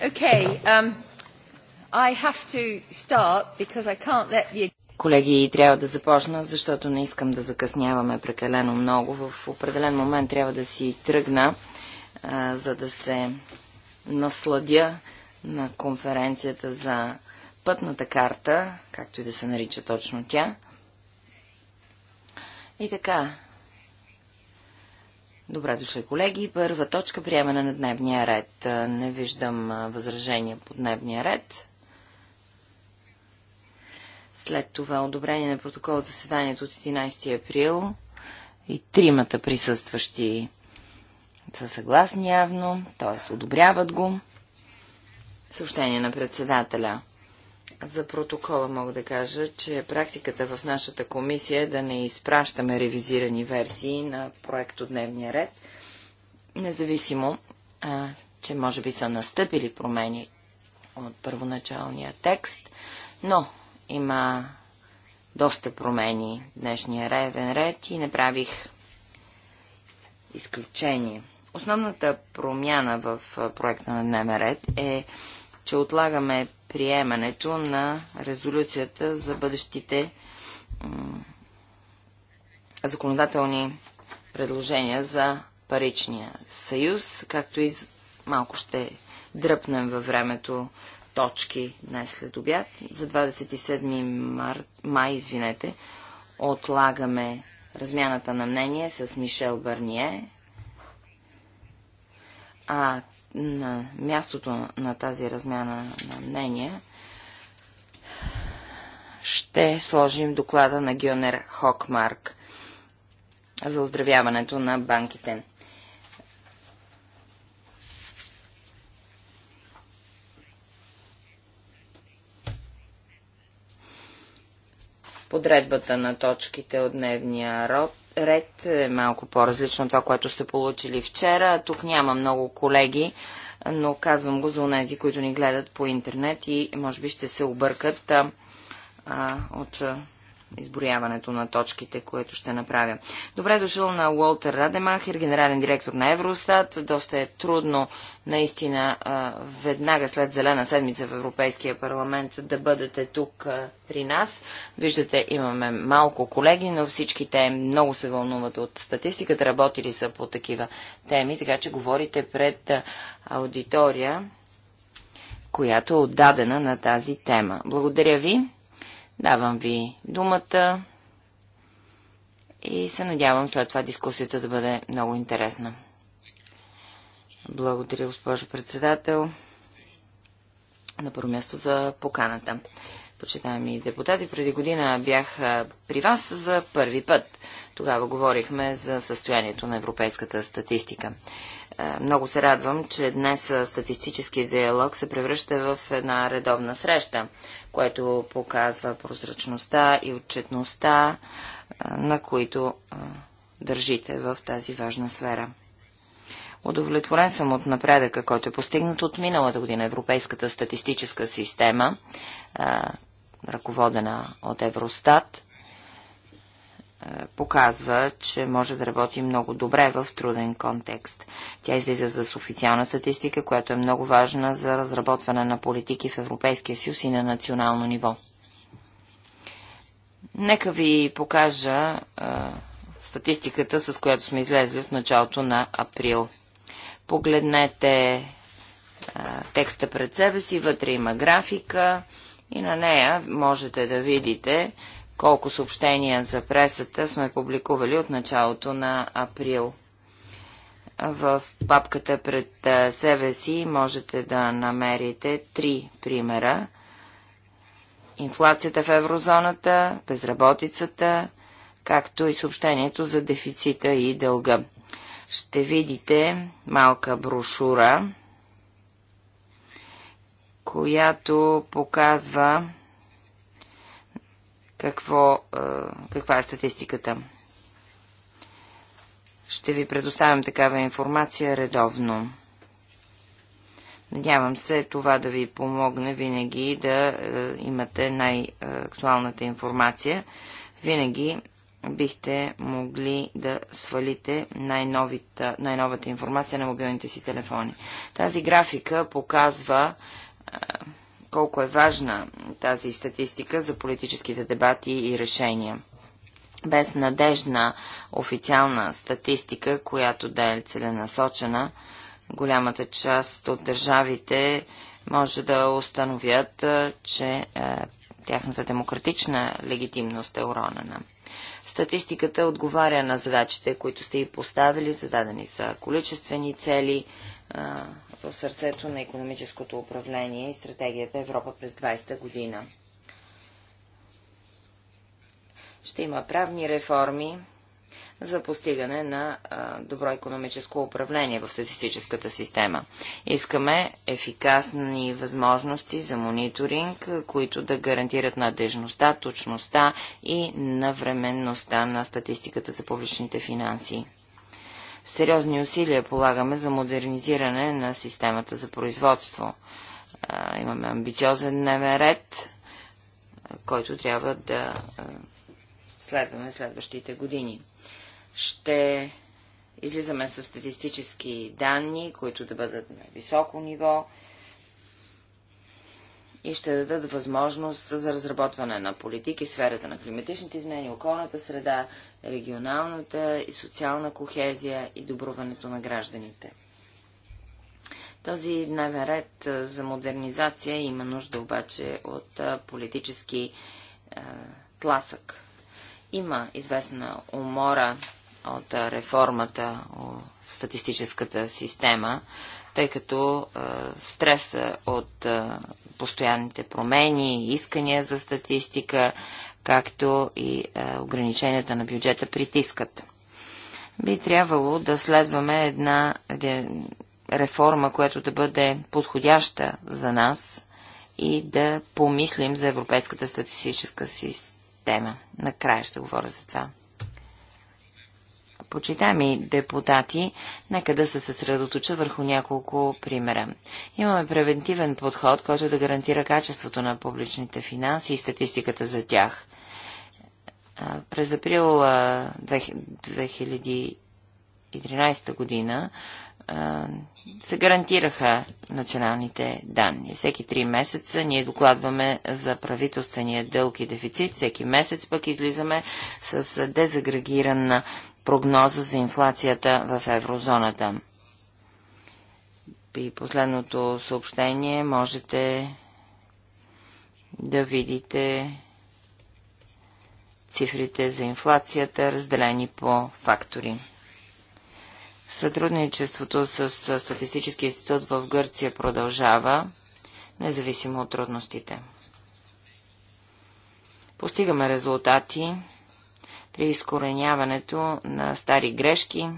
Um, Колеги, трябва да започна, защото не искам да закъсняваме прекалено много. В определен момент трябва да си тръгна, за да се насладя на конференцията за пътната карта, както и да се нарича точно тя. И така, Добре дошли, колеги. Първа точка приемане на дневния ред. Не виждам възражения по дневния ред. След това одобрение на протокол от заседанието от 11 април и тримата присъстващи са съгласни явно, т.е. одобряват го. Съобщение на председателя – за протокола мога да кажа, че практиката в нашата комисия е да не изпращаме ревизирани версии на проекто Дневния ред, независимо, а, че може би са настъпили промени от първоначалния текст, но има доста промени днешния ревен ред и не правих изключение. Основната промяна в проекта на дневен ред е, че отлагаме приемането на резолюцията за бъдещите законодателни предложения за паричния съюз, както и малко ще дръпнем във времето точки днес след обяд. За 27 мар... май, извинете, отлагаме размяната на мнение с Мишел Бърние, а на мястото на тази размяна на мнения ще сложим доклада на Гионер Хокмарк за оздравяването на банките. Подредбата на точките от дневния род ред е малко по-различно от това, което сте получили вчера. Тук няма много колеги, но казвам го за онези, които ни гледат по интернет и може би ще се объркат а, от изброяването на точките, което ще направя. Добре дошъл на Уолтер Радемахер, генерален директор на Евростат. Доста е трудно наистина веднага след Зелена седмица в Европейския парламент да бъдете тук при нас. Виждате, имаме малко колеги, но всички те много се вълнуват от статистиката, работили са по такива теми, така че говорите пред аудитория, която е отдадена на тази тема. Благодаря ви. Давам ви думата и се надявам след това дискусията да бъде много интересна. Благодаря, госпожо председател. На първо място за поканата. Почитаеми депутати, преди година бях при вас за първи път. Тогава говорихме за състоянието на европейската статистика. Е, много се радвам, че днес статистически диалог се превръща в една редовна среща, което показва прозрачността и отчетността, е, на които е, държите в тази важна сфера. Удовлетворен съм от напредъка, който е постигнат от миналата година Европейската статистическа система, ръководена от Евростат, е, показва, че може да работи много добре в труден контекст. Тя излиза с официална статистика, която е много важна за разработване на политики в Европейския съюз и на национално ниво. Нека ви покажа а, е, статистиката, с която сме излезли в началото на април. Погледнете а, е, текста пред себе си, вътре има графика и на нея можете да видите, колко съобщения за пресата сме публикували от началото на април. В папката пред себе си можете да намерите три примера. Инфлацията в еврозоната, безработицата, както и съобщението за дефицита и дълга. Ще видите малка брошура, която показва какво, каква е статистиката. Ще ви предоставям такава информация редовно. Надявам се това да ви помогне винаги да имате най-актуалната информация. Винаги бихте могли да свалите най-новата, най-новата информация на мобилните си телефони. Тази графика показва колко е важна тази статистика за политическите дебати и решения. Без надежна официална статистика, която да е целенасочена, голямата част от държавите може да установят, че е, тяхната демократична легитимност е уронена. Статистиката отговаря на задачите, които сте и поставили. Зададени са количествени цели, в сърцето на економическото управление и стратегията Европа през 20-та година. Ще има правни реформи за постигане на добро економическо управление в статистическата система. Искаме ефикасни възможности за мониторинг, които да гарантират надежността, точността и навременността на статистиката за публичните финанси сериозни усилия полагаме за модернизиране на системата за производство. имаме амбициозен дневен ред, който трябва да следваме следващите години. Ще излизаме с статистически данни, които да бъдат на високо ниво, и ще дадат възможност за разработване на политики в сферата на климатичните измени, околната среда, регионалната и социална кохезия и добруването на гражданите. Този дневен ред за модернизация има нужда обаче от политически е, тласък. Има известна умора от реформата в статистическата система тъй като а, стреса от а, постоянните промени, искания за статистика, както и а, ограниченията на бюджета притискат. Би трябвало да следваме една де, реформа, която да бъде подходяща за нас и да помислим за европейската статистическа система. Накрая ще говоря за това. Почитаеми депутати, нека да се съсредоточа върху няколко примера. Имаме превентивен подход, който да гарантира качеството на публичните финанси и статистиката за тях. През април 2013 година се гарантираха националните данни. Всеки три месеца ние докладваме за правителствения дълг и дефицит, всеки месец пък излизаме с дезагрегиран прогноза за инфлацията в еврозоната. При последното съобщение можете да видите цифрите за инфлацията, разделени по фактори. Сътрудничеството с Статистически институт в Гърция продължава, независимо от трудностите. Постигаме резултати при изкореняването на стари грешки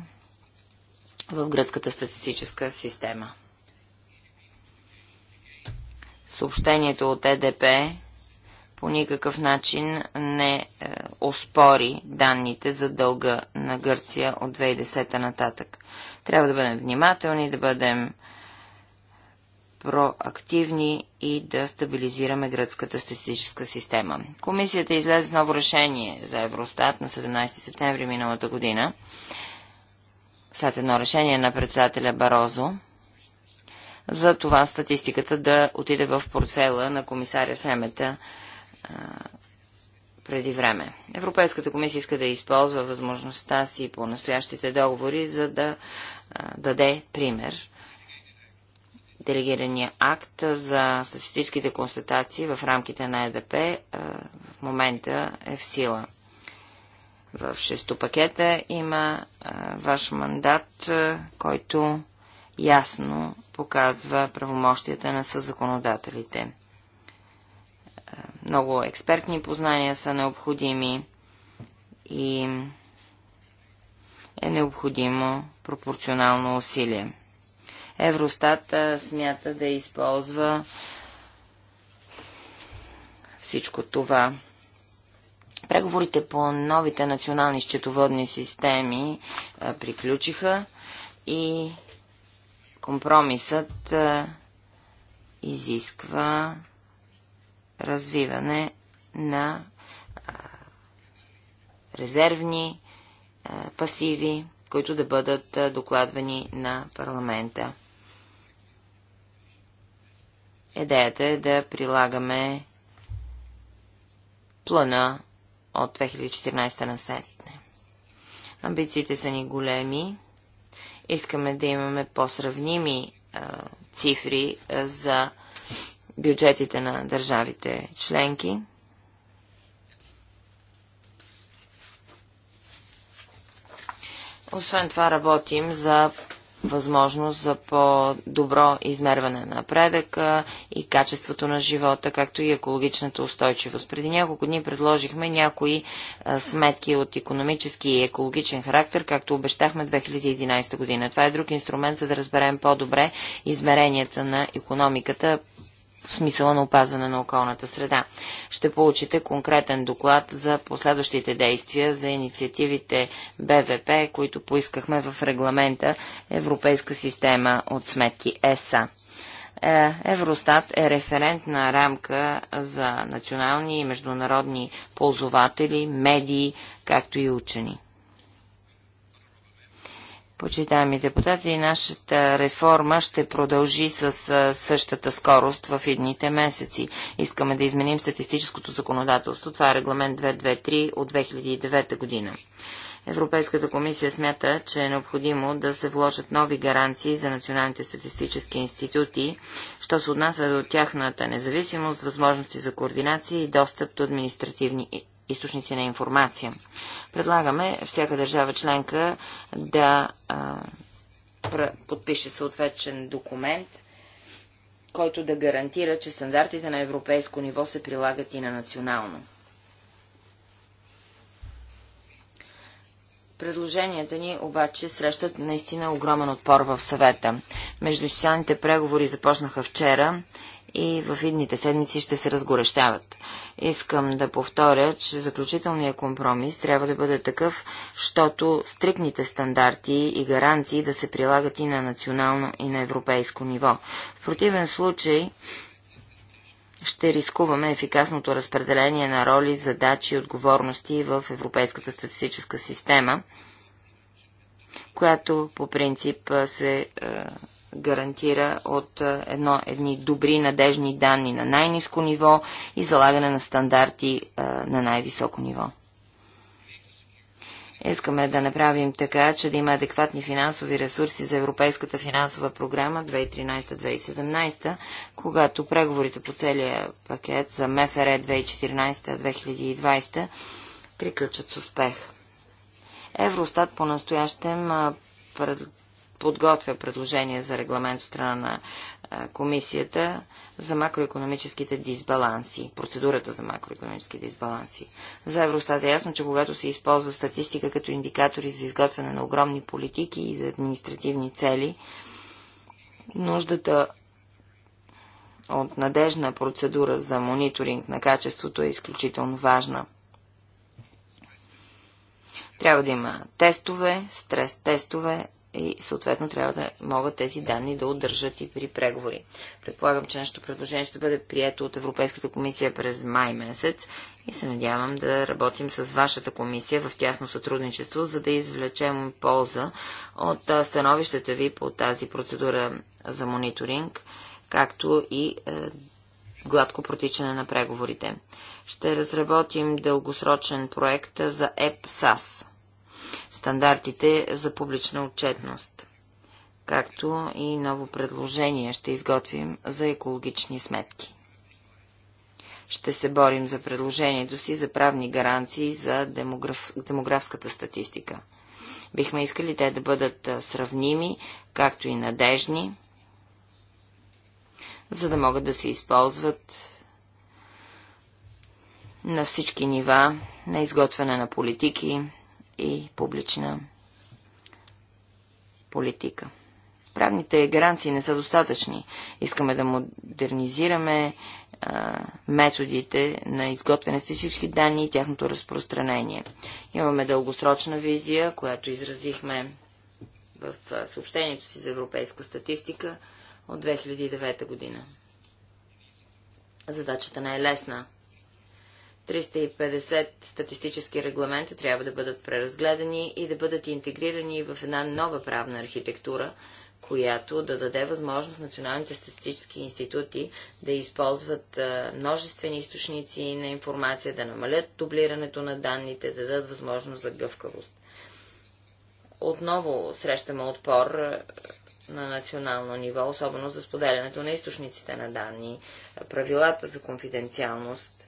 в гръцката статистическа система. Съобщението от ЕДП по никакъв начин не е, оспори данните за дълга на Гърция от 2010 нататък. Трябва да бъдем внимателни, да бъдем проактивни и да стабилизираме гръцката статистическа система. Комисията излезе с ново решение за Евростат на 17 септември миналата година, след едно решение на председателя Барозо, за това статистиката да отиде в портфела на комисаря Семета а, преди време. Европейската комисия иска да използва възможността си по настоящите договори, за да а, даде пример делегирания акт за статистическите констатации в рамките на ЕДП в момента е в сила. В шесто пакета има ваш мандат, който ясно показва правомощията на съзаконодателите. Много експертни познания са необходими и е необходимо пропорционално усилие. Евростат смята да използва всичко това. Преговорите по новите национални счетоводни системи приключиха и компромисът изисква развиване на резервни пасиви, които да бъдат докладвани на парламента. Идеята е да прилагаме плана от 2014 на сетне. Амбициите са ни големи. Искаме да имаме по-сравними цифри а, за бюджетите на държавите членки. Освен това работим за възможност за по-добро измерване на напредъка и качеството на живота, както и екологичната устойчивост. Преди няколко дни предложихме някои сметки от економически и екологичен характер, както обещахме 2011 година. Това е друг инструмент, за да разберем по-добре измеренията на економиката в смисъла на опазване на околната среда. Ще получите конкретен доклад за последващите действия за инициативите БВП, които поискахме в регламента Европейска система от сметки ЕСА. Е, Евростат е референтна рамка за национални и международни ползователи, медии, както и учени. Почитаеми депутати, нашата реформа ще продължи с същата скорост в едните месеци. Искаме да изменим статистическото законодателство. Това е регламент 223 от 2009 година. Европейската комисия смята, че е необходимо да се вложат нови гаранции за националните статистически институти, що се отнася до тяхната независимост, възможности за координация и достъп до административни източници на информация. Предлагаме всяка държава членка да а, подпише съответен документ, който да гарантира, че стандартите на европейско ниво се прилагат и на национално. Предложенията ни обаче срещат наистина огромен отпор в съвета. Междусоциалните преговори започнаха вчера и в идните седмици ще се разгорещават. Искам да повторя, че заключителният компромис трябва да бъде такъв, щото стрикните стандарти и гаранции да се прилагат и на национално и на европейско ниво. В противен случай ще рискуваме ефикасното разпределение на роли, задачи и отговорности в Европейската статистическа система, която по принцип се гарантира от е, едно, едни добри, надежни данни на най-низко ниво и залагане на стандарти а, е, на най-високо ниво. Искаме да направим така, че да има адекватни финансови ресурси за Европейската финансова програма 2013-2017, когато преговорите по целия пакет за МФР 2014-2020 приключат с успех. Евростат по-настоящем подготвя предложение за регламент от страна на комисията за макроекономическите дисбаланси, процедурата за макроекономически дисбаланси. За Евростат е ясно, че когато се използва статистика като индикатори за изготвяне на огромни политики и за административни цели, нуждата от надежна процедура за мониторинг на качеството е изключително важна. Трябва да има тестове, стрес тестове и съответно трябва да могат тези данни да удържат и при преговори. Предполагам, че нашето предложение ще бъде прието от Европейската комисия през май месец и се надявам да работим с вашата комисия в тясно сътрудничество, за да извлечем полза от становищата ви по тази процедура за мониторинг, както и е, гладко протичане на преговорите. Ще разработим дългосрочен проект за ЕПСАС стандартите за публична отчетност, както и ново предложение ще изготвим за екологични сметки. Ще се борим за предложението си за правни гаранции за демограф... демографската статистика. Бихме искали те да бъдат сравними, както и надежни, за да могат да се използват на всички нива на изготвяне на политики, и публична политика. Правните гаранции не са достатъчни. Искаме да модернизираме а, методите на изготвяне на всички данни и тяхното разпространение. Имаме дългосрочна визия, която изразихме в съобщението си за европейска статистика от 2009 година. Задачата не е лесна. 350 статистически регламента трябва да бъдат преразгледани и да бъдат интегрирани в една нова правна архитектура, която да даде възможност националните статистически институти да използват множествени източници на информация, да намалят дублирането на данните, да дадат възможност за гъвкавост. Отново срещаме отпор на национално ниво, особено за споделянето на източниците на данни, правилата за конфиденциалност –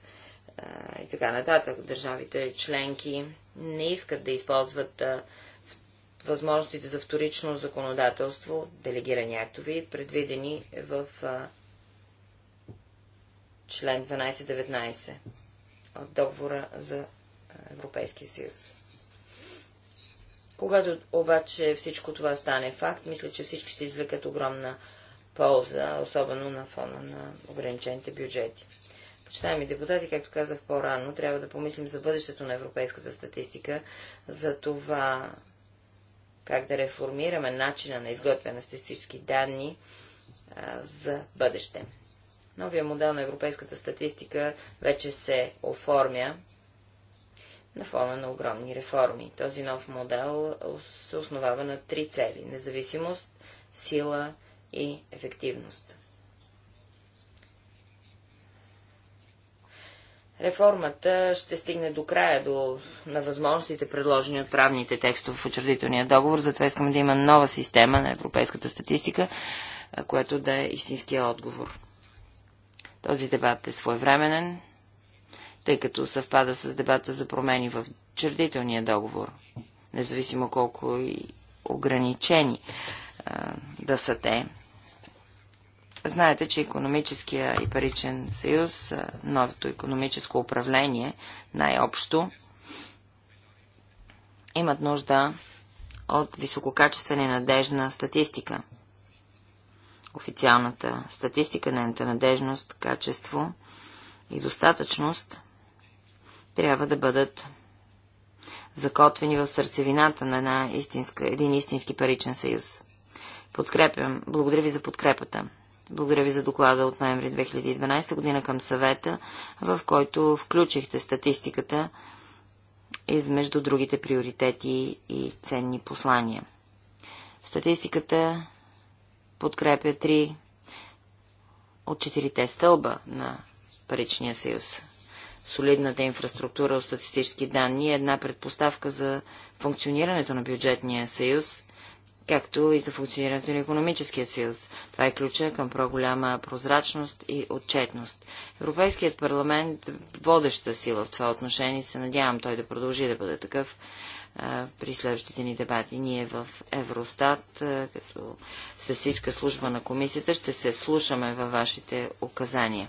и така нататък. Държавите членки не искат да използват възможностите за вторично законодателство, делегирани актови, предвидени в член 12-19 от договора за Европейския съюз. Когато обаче всичко това стане факт, мисля, че всички ще извлекат огромна полза, особено на фона на ограничените бюджети. Почитаеми депутати, както казах по-рано, трябва да помислим за бъдещето на европейската статистика, за това как да реформираме начина на изготвяне на статистически данни а, за бъдеще. Новия модел на европейската статистика вече се оформя на фона на огромни реформи. Този нов модел се основава на три цели – независимост, сила и ефективност. Реформата ще стигне до края до, на възможностите, предложени от правните текстове в учредителния договор. Затова искам да има нова система на европейската статистика, която да е истинския отговор. Този дебат е своевременен, тъй като съвпада с дебата за промени в учредителния договор, независимо колко и ограничени а, да са те. Знаете, че економическия и паричен съюз, новото економическо управление най-общо, имат нужда от висококачествена и надежна статистика. Официалната статистика, нейната надежност, качество и достатъчност трябва да бъдат закотвени в сърцевината на една истинска, един истински паричен съюз. Подкрепям. Благодаря ви за подкрепата. Благодаря ви за доклада от ноември 2012 година към съвета, в който включихте статистиката измежду другите приоритети и ценни послания. Статистиката подкрепя три от четирите стълба на паричния съюз. Солидната инфраструктура от статистически данни е една предпоставка за функционирането на бюджетния съюз както и за функционирането на економическия съюз. Това е ключа към по-голяма прозрачност и отчетност. Европейският парламент водеща сила в това отношение се надявам той да продължи да бъде такъв а, при следващите ни дебати. Ние в Евростат, а, като статистическа служба на комисията, ще се вслушаме във вашите указания.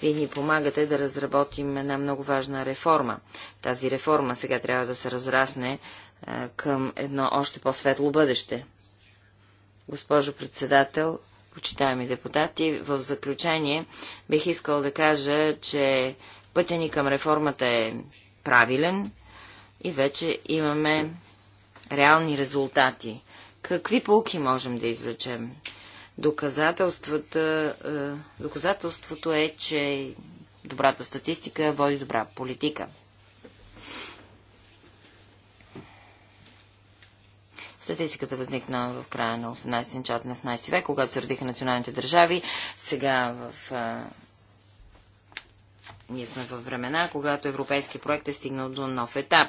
Вие ни помагате да разработим една много важна реформа. Тази реформа сега трябва да се разрасне към едно още по-светло бъдеще. Госпожо председател, почитаеми депутати, в заключение бих искал да кажа, че пътя ни към реформата е правилен и вече имаме реални резултати. Какви полки можем да извлечем? Доказателствата, доказателството е, че добрата статистика води добра политика. Статистиката възникна в края на 18 ти начат на 19 век, когато се родиха националните държави. Сега в ние сме във времена, когато европейски проект е стигнал до нов етап.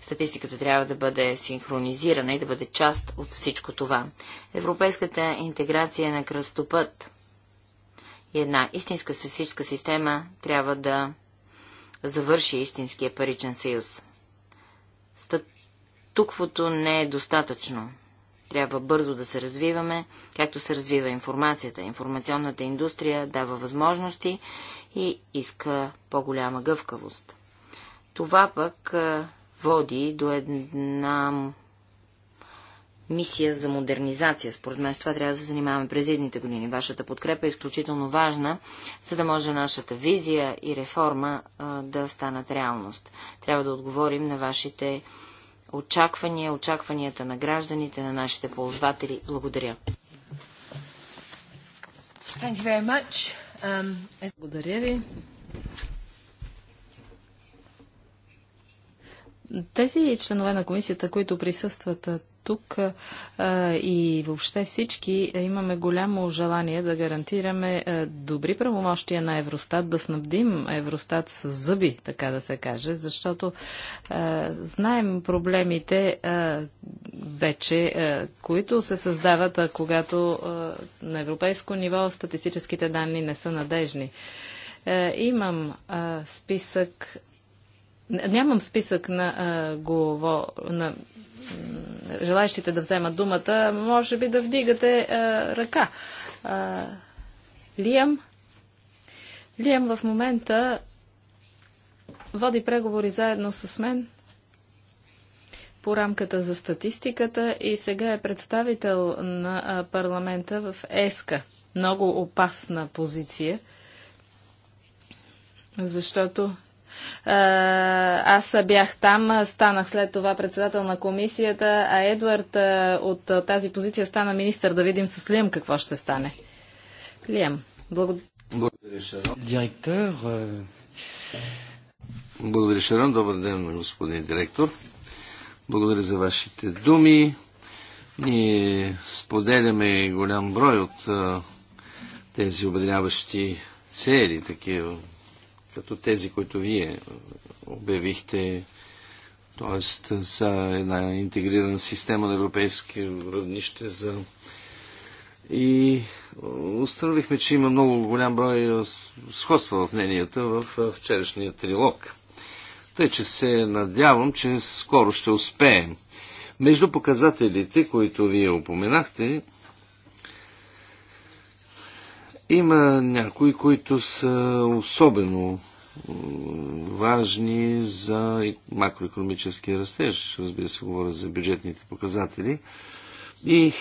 Статистиката трябва да бъде синхронизирана и да бъде част от всичко това. Европейската интеграция е на кръстопът. И една истинска статистическа система трябва да завърши истинския паричен съюз туквото не е достатъчно. Трябва бързо да се развиваме, както се развива информацията. Информационната индустрия дава възможности и иска по-голяма гъвкавост. Това пък води до една мисия за модернизация. Според мен с това трябва да се занимаваме през едните години. Вашата подкрепа е изключително важна, за да може нашата визия и реформа да станат реалност. Трябва да отговорим на вашите очаквания, очакванията на гражданите, на нашите ползватели. Благодаря. Um... Благодаря ви. Тези членове на комисията, които присъстват тук и въобще всички имаме голямо желание да гарантираме добри правомощия на Евростат, да снабдим Евростат с зъби, така да се каже, защото знаем проблемите вече, които се създават, когато на европейско ниво статистическите данни не са надежни. Имам списък Нямам списък на, а, голово, на желащите да вземат думата, може би да вдигате а, е, ръка. А, е, Лием, Лием в момента води преговори заедно с мен по рамката за статистиката и сега е представител на е, парламента в ЕСКА. Много опасна позиция, защото е, аз бях там, станах след това председател на комисията, а Едвард е, от е, тази позиция стана министър. Да видим с Лием какво ще стане. Лием, благодаря. Благодаря, Шарон. Директор. Благодаря, Шарон. Добър ден, господин директор. Благодаря за вашите думи. Ние споделяме голям брой от тези обединяващи цели, такива като тези, които вие обявихте, т.е. са една интегрирана система на европейски равнище за... И установихме, че има много голям брой сходства в мненията в вчерашния трилог. Тъй, че се надявам, че скоро ще успеем. Между показателите, които вие упоменахте, има някои, които са особено важни за макроекономическия растеж. Разбира се, говоря за бюджетните показатели. И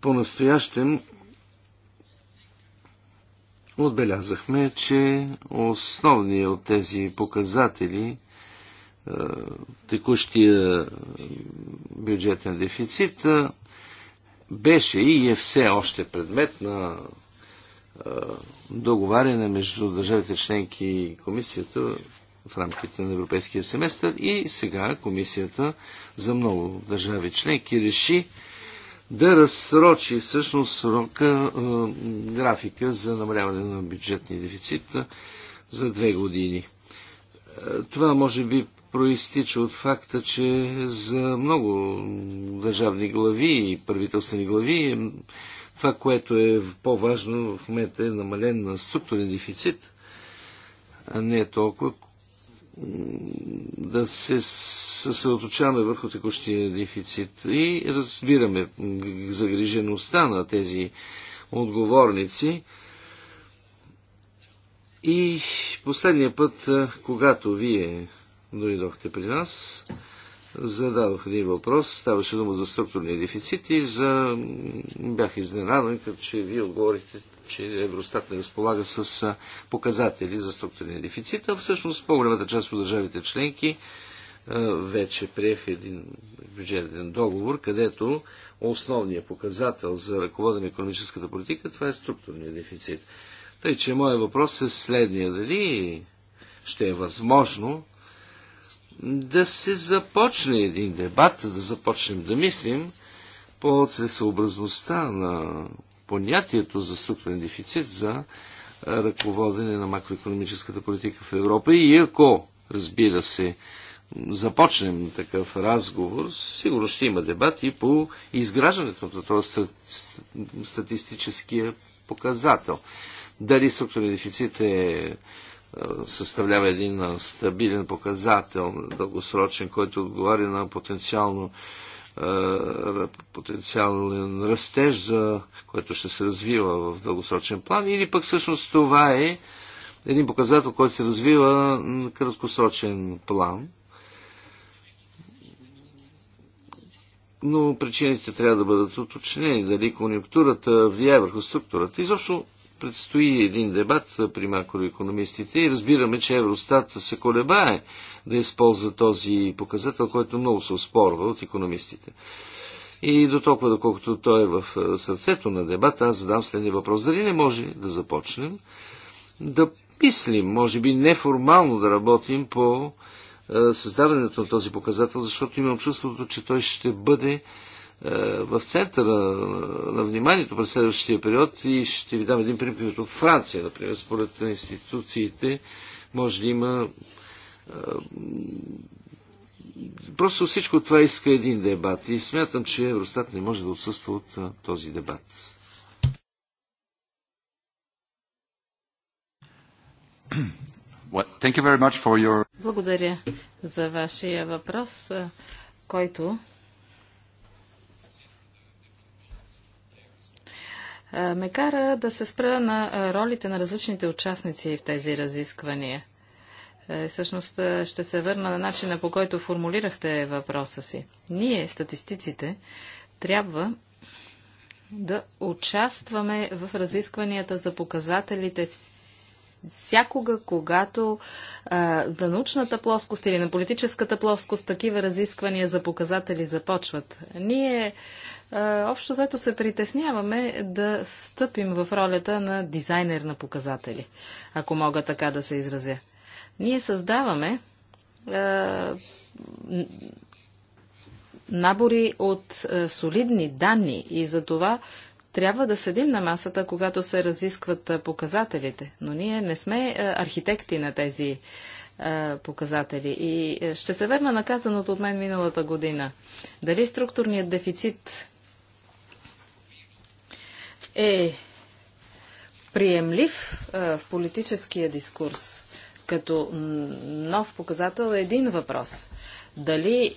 по-настоящем отбелязахме, че основният от тези показатели е, текущия бюджетен дефицит е, беше и е все още предмет на е, договаряне между държавите членки и комисията в рамките на европейския семестър и сега комисията за много държави членки реши да разсрочи всъщност срока, е, графика за намаляване на бюджетния дефицит е, за две години. Е, това може би проистича от факта, че за много държавни глави и правителствени глави това, което е по-важно в момента е намален на структурен дефицит, а не е толкова да се съсредоточаваме върху текущия дефицит и разбираме загрижеността на тези отговорници. И последния път, когато вие дойдохте при нас, зададох един въпрос. Ставаше дума за структурния дефицит и за... бях изненадан, като че вие отговорихте, че Евростат не разполага с показатели за структурния дефицит, а всъщност по-голямата част от държавите членки вече приеха един бюджетен договор, където основният показател за ръководен на економическата политика, това е структурния дефицит. Тъй, че моят въпрос е следния. Дали ще е възможно да се започне един дебат, да започнем да мислим по целесообразността на понятието за структурен дефицит за ръководене на макроекономическата политика в Европа. И ако, разбира се, започнем такъв разговор, сигурно ще има дебат и по изграждането на този статистическия показател. Дали структурен дефицит е е, съставлява един стабилен показател, дългосрочен, който отговаря на потенциално е, потенциален растеж, за който ще се развива в дългосрочен план, или пък всъщност това е един показател, който се развива на краткосрочен план. Но причините трябва да бъдат уточнени, дали конъюнктурата влияе върху структурата. Изобщо Предстои един дебат при макроекономистите и разбираме, че Евростат се колебае да използва този показател, който много се оспорва от економистите. И до толкова, доколкото той е в е, сърцето на дебата, аз задам следния въпрос. Дали не може да започнем да мислим, може би неформално да работим по е, създаването на този показател, защото имам чувството, че той ще бъде е, в центъра на вниманието през следващия период и ще ви дам един пример от Франция, например, според институциите може да има е, просто всичко това иска един дебат и смятам, че Евростат не може да отсъства от е, този дебат. Your... Благодаря за вашия въпрос, който ме кара да се спра на ролите на различните участници в тези разисквания. Е, всъщност ще се върна на начина по който формулирахте въпроса си. Ние, статистиците, трябва да участваме в разискванията за показателите всякога, когато а, на научната плоскост или на политическата плоскост такива разисквания за показатели започват. Ние е, общо заето се притесняваме да стъпим в ролята на дизайнер на показатели, ако мога така да се изразя. Ние създаваме е, набори от е, солидни данни и за това трябва да седим на масата, когато се разискват показателите. Но ние не сме архитекти на тези показатели. И ще се верна наказаното от мен миналата година. Дали структурният дефицит е приемлив в политическия дискурс като нов показател е един въпрос. Дали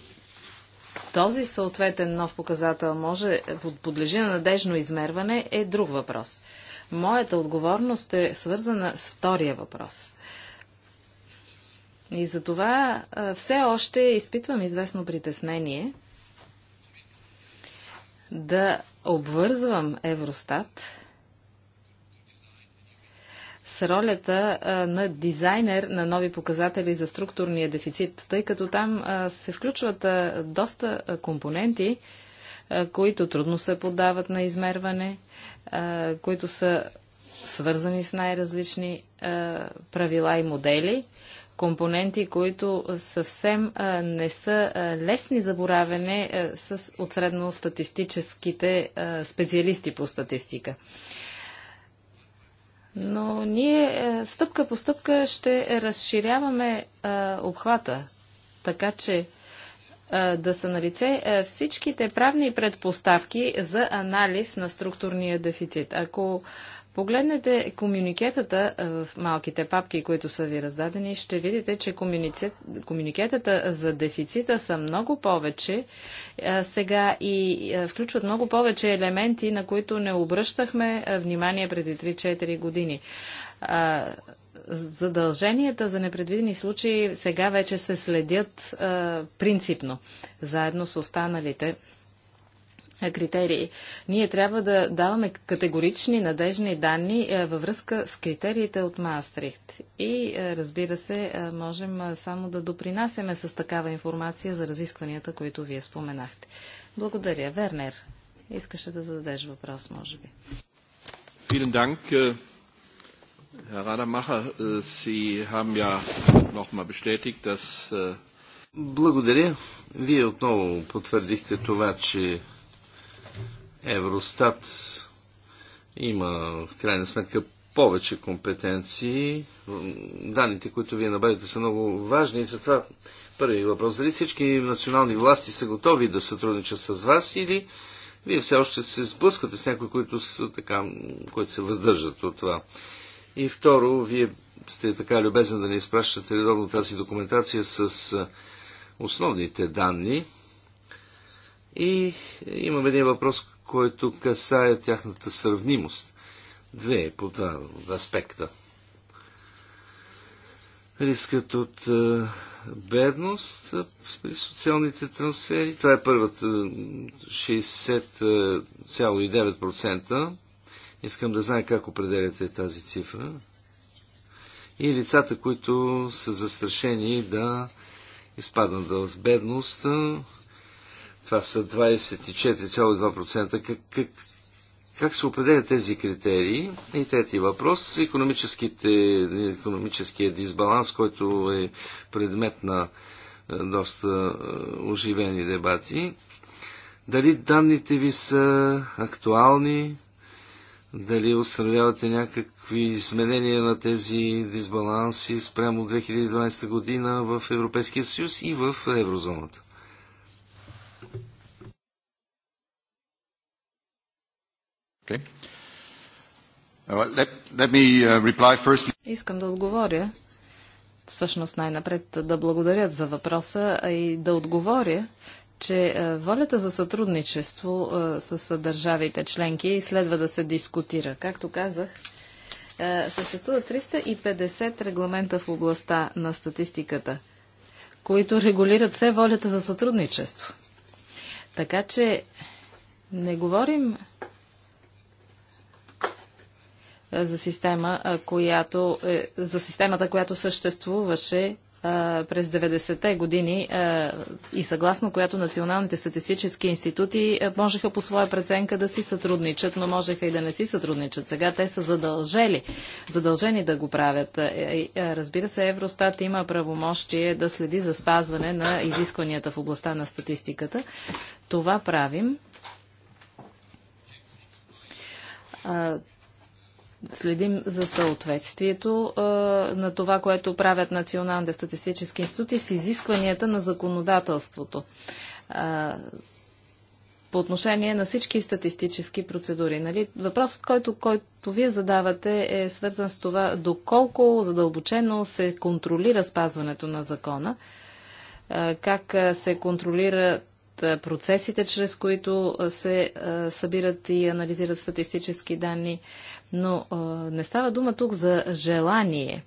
този съответен нов показател може подлежи на надежно измерване е друг въпрос. Моята отговорност е свързана с втория въпрос. И за това все още изпитвам известно притеснение да обвързвам Евростат с ролята на дизайнер на нови показатели за структурния дефицит, тъй като там се включват доста компоненти, които трудно се поддават на измерване, които са свързани с най-различни правила и модели компоненти, които съвсем не са лесни за боравене с, отсредно статистическите специалисти по статистика. Но ние стъпка по стъпка ще разширяваме обхвата, така че да са налице всичките правни предпоставки за анализ на структурния дефицит. Ако Погледнете комюникетата е, в малките папки, които са ви раздадени, ще видите, че комюникетата за дефицита са много повече е, сега и е, включват много повече елементи, на които не обръщахме внимание преди 3-4 години. задълженията за непредвидени случаи сега вече се следят принципно, заедно с останалите е, критерии. Ние трябва да даваме категорични, надежни данни е, във връзка с критериите от Маастрихт. И е, разбира се, можем само да допринасяме с такава информация за разискванията, които вие споменахте. Благодаря. Вернер, искаше да зададеш въпрос, може би. Vielen Dank, Herr Rademacher. Sie haben ja nochmal bestätigt, dass... Благодаря. Вие отново потвърдихте това, че Евростат има в крайна сметка повече компетенции. Данните, които вие набавите, са много важни и затова първи въпрос. Дали всички национални власти са готови да сътрудничат с вас или вие все още се сблъсквате с някои, които, са, така, които се въздържат от това? И второ, вие сте така любезен да не изпращате редовно тази документация с основните данни. И имам един въпрос, който касае тяхната сравнимост. Две по два аспекта. Рискът от е, бедност е, при социалните трансфери. Това е първата 60,9%. Искам да знае как определяте тази цифра. И лицата, които са застрашени да изпаднат в бедност, това са 24,2%. Как, как, как се определят тези критерии? И трети въпрос. Економическият дисбаланс, който е предмет на е, доста е, оживени дебати. Дали данните ви са актуални? Дали установявате някакви изменения на тези дисбаланси спрямо 2012 година в Европейския съюз и в еврозоната? Uh, Искам да отговоря. Всъщност най-напред да благодаря за въпроса и да отговоря, че е, волята за сътрудничество е, с е, държавите членки следва да се дискутира. Както казах, съществуват 350 регламента в областта на статистиката, които регулират все волята за сътрудничество. Така че не говорим за, система, която, е, за системата, която съществуваше през 90-те години и съгласно която националните статистически институти можеха по своя преценка да си сътрудничат, но можеха и да не си сътрудничат. Сега те са задължели, задължени да го правят. Разбира се, Евростат има правомощие да следи за спазване на изискванията в областта на статистиката. Това правим следим за съответствието а, на това, което правят националните статистически институти с изискванията на законодателството. А, по отношение на всички статистически процедури. Нали? Въпросът, който, който вие задавате, е свързан с това доколко задълбочено се контролира спазването на закона, а, как се контролира процесите, чрез които се събират и анализират статистически данни, но а, не става дума тук за желание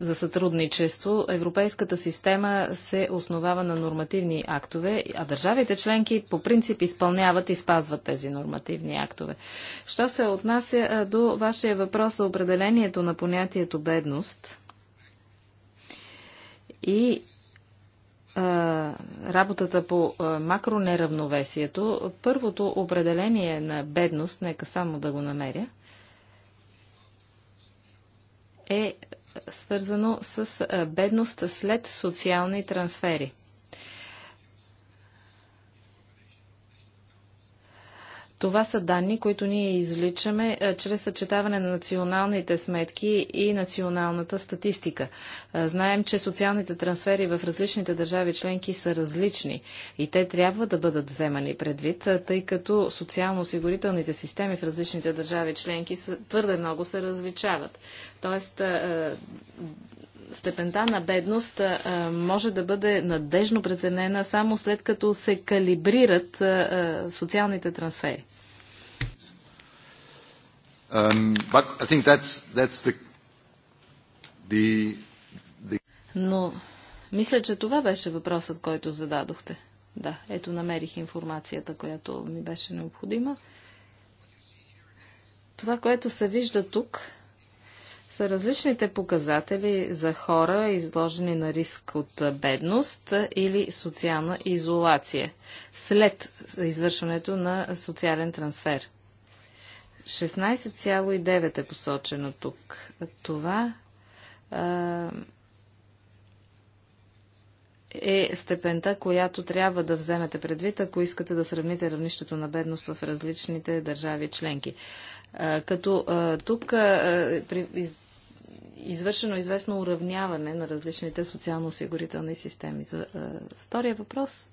за сътрудничество. Европейската система се основава на нормативни актове, а държавите членки по принцип изпълняват и спазват тези нормативни актове. Що се отнася до вашия въпрос за определението на понятието бедност и работата по макронеравновесието, първото определение на бедност, нека само да го намеря, е свързано с бедност след социални трансфери. Това са данни, които ние изличаме е, чрез съчетаване на националните сметки и националната статистика. Е, знаем, че социалните трансфери в различните държави членки са различни и те трябва да бъдат вземани предвид, е, тъй като социално-осигурителните системи в различните държави членки са, твърде много се различават. Тоест, степента на бедност може да бъде надежно преценена само след като се калибрират социалните трансфери. Um, Но мисля, че това беше въпросът, който зададохте. Да, ето намерих информацията, която ми беше необходима. Това, което се вижда тук, са различните показатели за хора, изложени на риск от бедност или социална изолация след извършването на социален трансфер. 16,9 е посочено тук. Това е степента, която трябва да вземете предвид, ако искате да сравните равнището на бедност в различните държави членки. като тук извършено известно уравняване на различните социално-осигурителни системи. За а, втория въпрос.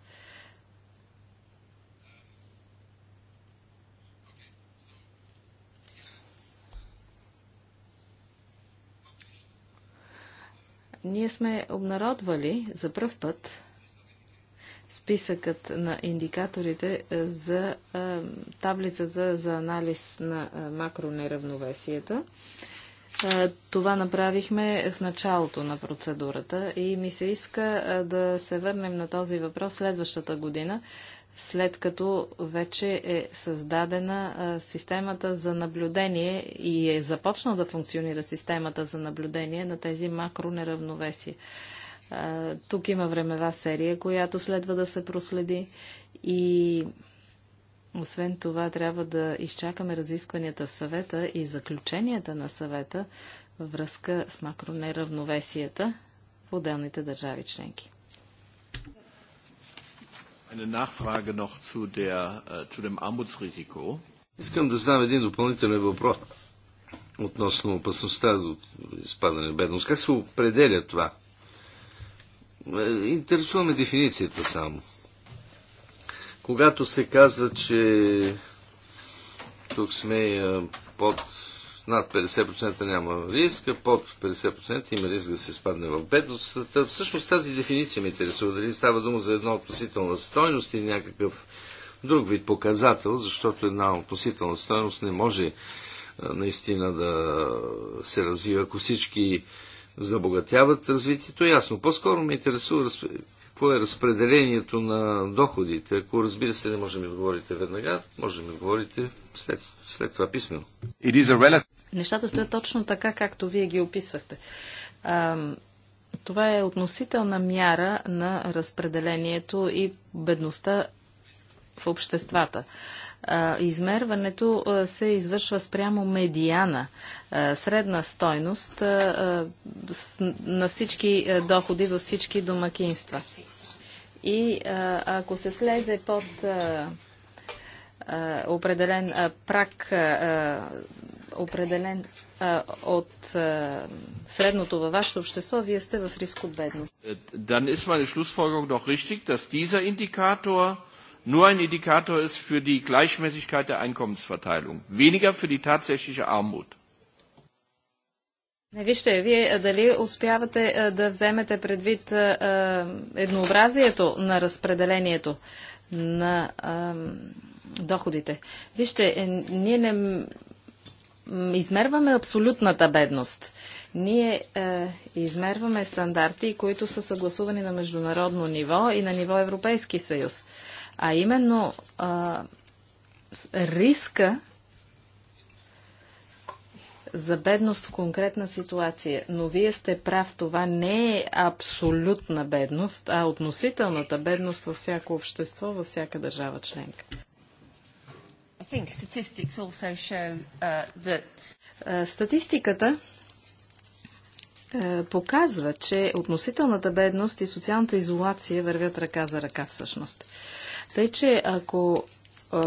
Ние сме обнародвали за първ път списъкът на индикаторите за таблицата за анализ на макронеравновесията. Е, това направихме в началото на процедурата и ми се иска е, да се върнем на този въпрос следващата година, след като вече е създадена е, системата за наблюдение и е започнала да функционира системата за наблюдение на тези макронеравновесия. Тук има времева серия, която следва да се проследи и освен това, трябва да изчакаме разискванията в съвета и заключенията на съвета във връзка с макронеравновесията в отделните държави членки. Äh, Искам да знам един допълнителен въпрос относно опасността за изпадане в бедност. Как се определя това? Е, интересуваме дефиницията само. Когато се казва, че тук сме под над 50% няма риска, под 50% има риск да се спадне в бедност. Всъщност тази дефиниция ме интересува. Дали става дума за една относителна стойност или някакъв друг вид показател, защото една относителна стойност не може наистина да се развива, ако всички забогатяват развитието. Ясно. По-скоро ме интересува какво е разпределението на доходите? Ако разбира се не може да ми отговорите веднага, може да ми отговорите след, след това писмено. Нещата стоят точно така, както вие ги описвахте. А, това е относителна мяра на разпределението и бедността в обществата измерването се извършва спрямо медиана, средна стойност на всички доходи във всички домакинства. И ако се слезе под определен прак, определен от средното във вашето общество, вие сте в риск от бедност. Dann ist meine Schlussfolgerung doch richtig, dass dieser Indikator nur ein Indikator ist für die Gleichmäßigkeit der Einkommensverteilung, weniger für die tatsächliche Armut. Не вижте, вие е, дали успявате е, да вземете предвид е, еднообразието на разпределението на доходите. Вижте, ние не измерваме абсолютната бедност. Ние е, измерваме стандарти, които са съгласувани на международно ниво и на ниво Европейски съюз. Е, а именно а, риска за бедност в конкретна ситуация. Но вие сте прав, това не е абсолютна бедност, а относителната бедност във всяко общество, във всяка държава членка. Uh, статистиката показва, че относителната бедност и социалната изолация вървят ръка за ръка всъщност. Uh, тъй, че ако а,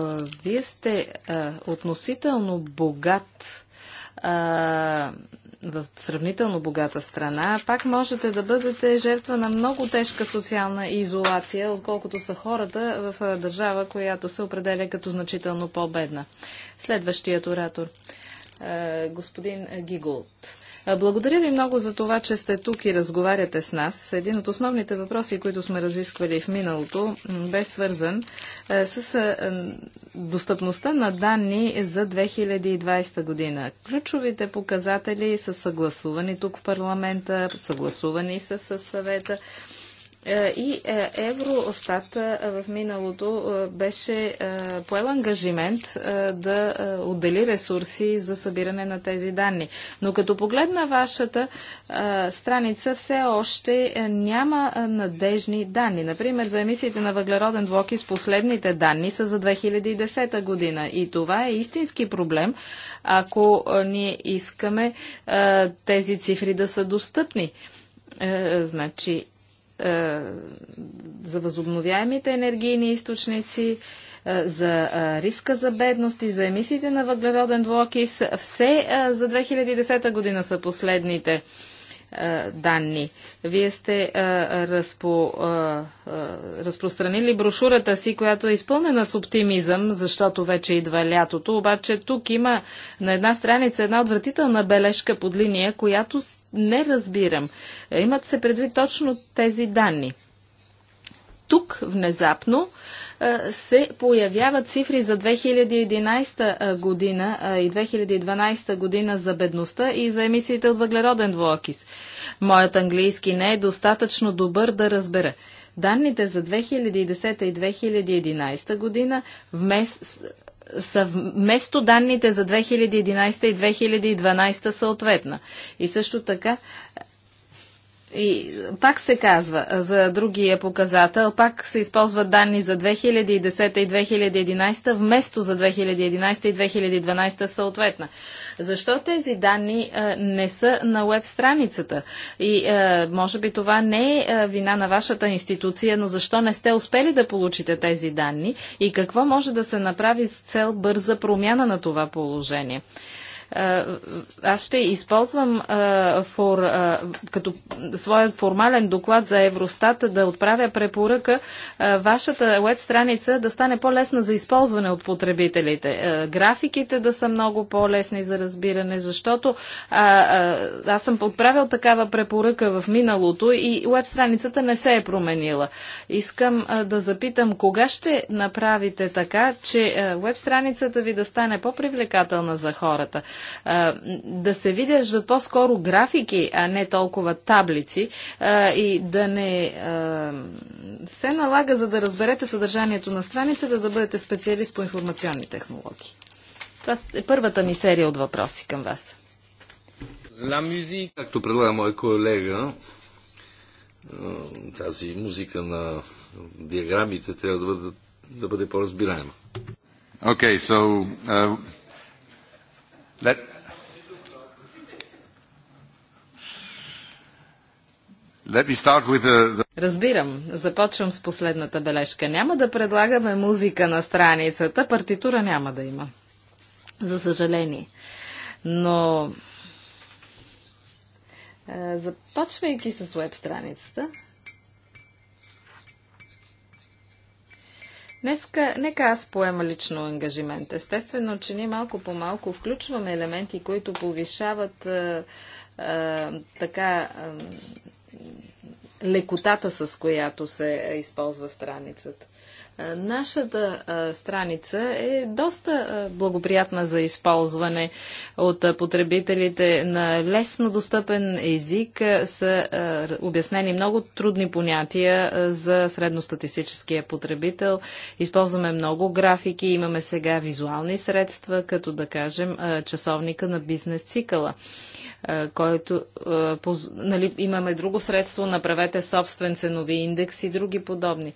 вие сте а, относително богат а, в сравнително богата страна, пак можете да бъдете жертва на много тежка социална изолация, отколкото са хората в държава, която се определя като значително по-бедна. Следващият оратор. Господин Гиголт. Благодаря ви много за това, че сте тук и разговаряте с нас. Един от основните въпроси, които сме разисквали в миналото, бе свързан с достъпността на данни за 2020 година. Ключовите показатели са съгласувани тук в парламента, съгласувани са с съвета. Е, и е, Евростат е, в миналото беше поел ангажимент да отдели ресурси за събиране на тези данни. Но като погледна вашата страница, все още няма надежни данни. Например, за емисиите на въглероден блок с последните данни са за 2010 година. И това е истински проблем, ако ние искаме тези цифри да са достъпни. Значи, е, за възобновяемите енергийни източници, е, за е, риска за бедност и за емисиите на въглероден двуокис. Все за 2010 година са последните данни. Вие сте разпо, разпространили брошурата си, която е изпълнена с оптимизъм, защото вече идва лятото. Обаче тук има на една страница една отвратителна бележка под линия, която не разбирам. Е, имат се предвид точно тези данни. Тук внезапно е, се появяват цифри за 2011 е, година и 2012 година за бедността и за емисиите от въглероден двуокис. Моят английски не е достатъчно добър да разбера. Данните за 2010 и 2011 година вместо вместо данните за 2011 и 2012 съответна. И също така и пак се казва за другия показател, пак се използват данни за 2010 и 2011, вместо за 2011 и 2012 съответна. Защо тези данни а, е, не са на веб страницата? И а, е, може би това не е а, е, вина на вашата институция, но защо не сте успели да получите тези данни и какво може да се направи с цел бърза промяна на това положение? Е, аз ще използвам е, фор, е, като своят формален доклад за Евростата да отправя препоръка вашата веб страница да стане по-лесна за използване от потребителите. Графиките да са много по-лесни за разбиране, защото аз съм отправил такава препоръка в миналото и веб страницата не се е променила. Искам да запитам кога ще направите така, че веб страницата ви да стане по-привлекателна за хората да се видят по-скоро графики, а не толкова таблици и да не се налага, за да разберете съдържанието на страницата, да бъдете специалист по информационни технологии. Това е първата ми серия от въпроси към вас. La музика, както предлага моя колега, тази музика на диаграмите трябва да бъде, да бъде по-разбираема. Okay, so, uh, Let, Let me start with the, the... Разбирам. Започвам с последната бележка. Няма да предлагаме музика на страницата. Партитура няма да има. За съжаление. Но започвайки с веб страницата, Днеска, нека аз поема лично ангажимент. Естествено, че ние малко по малко включваме елементи, които повишават а, а, така а, лекотата, с която се използва страницата. Е, нашата е, страница е доста е, благоприятна за използване от потребителите на лесно достъпен език. Са обяснени много трудни понятия за средностатистическия потребител. Използваме много графики, имаме сега визуални средства, като да кажем часовника на бизнес цикъла. Е, който е, нали, имаме друго средство, направете собствен ценови индекс и други подобни.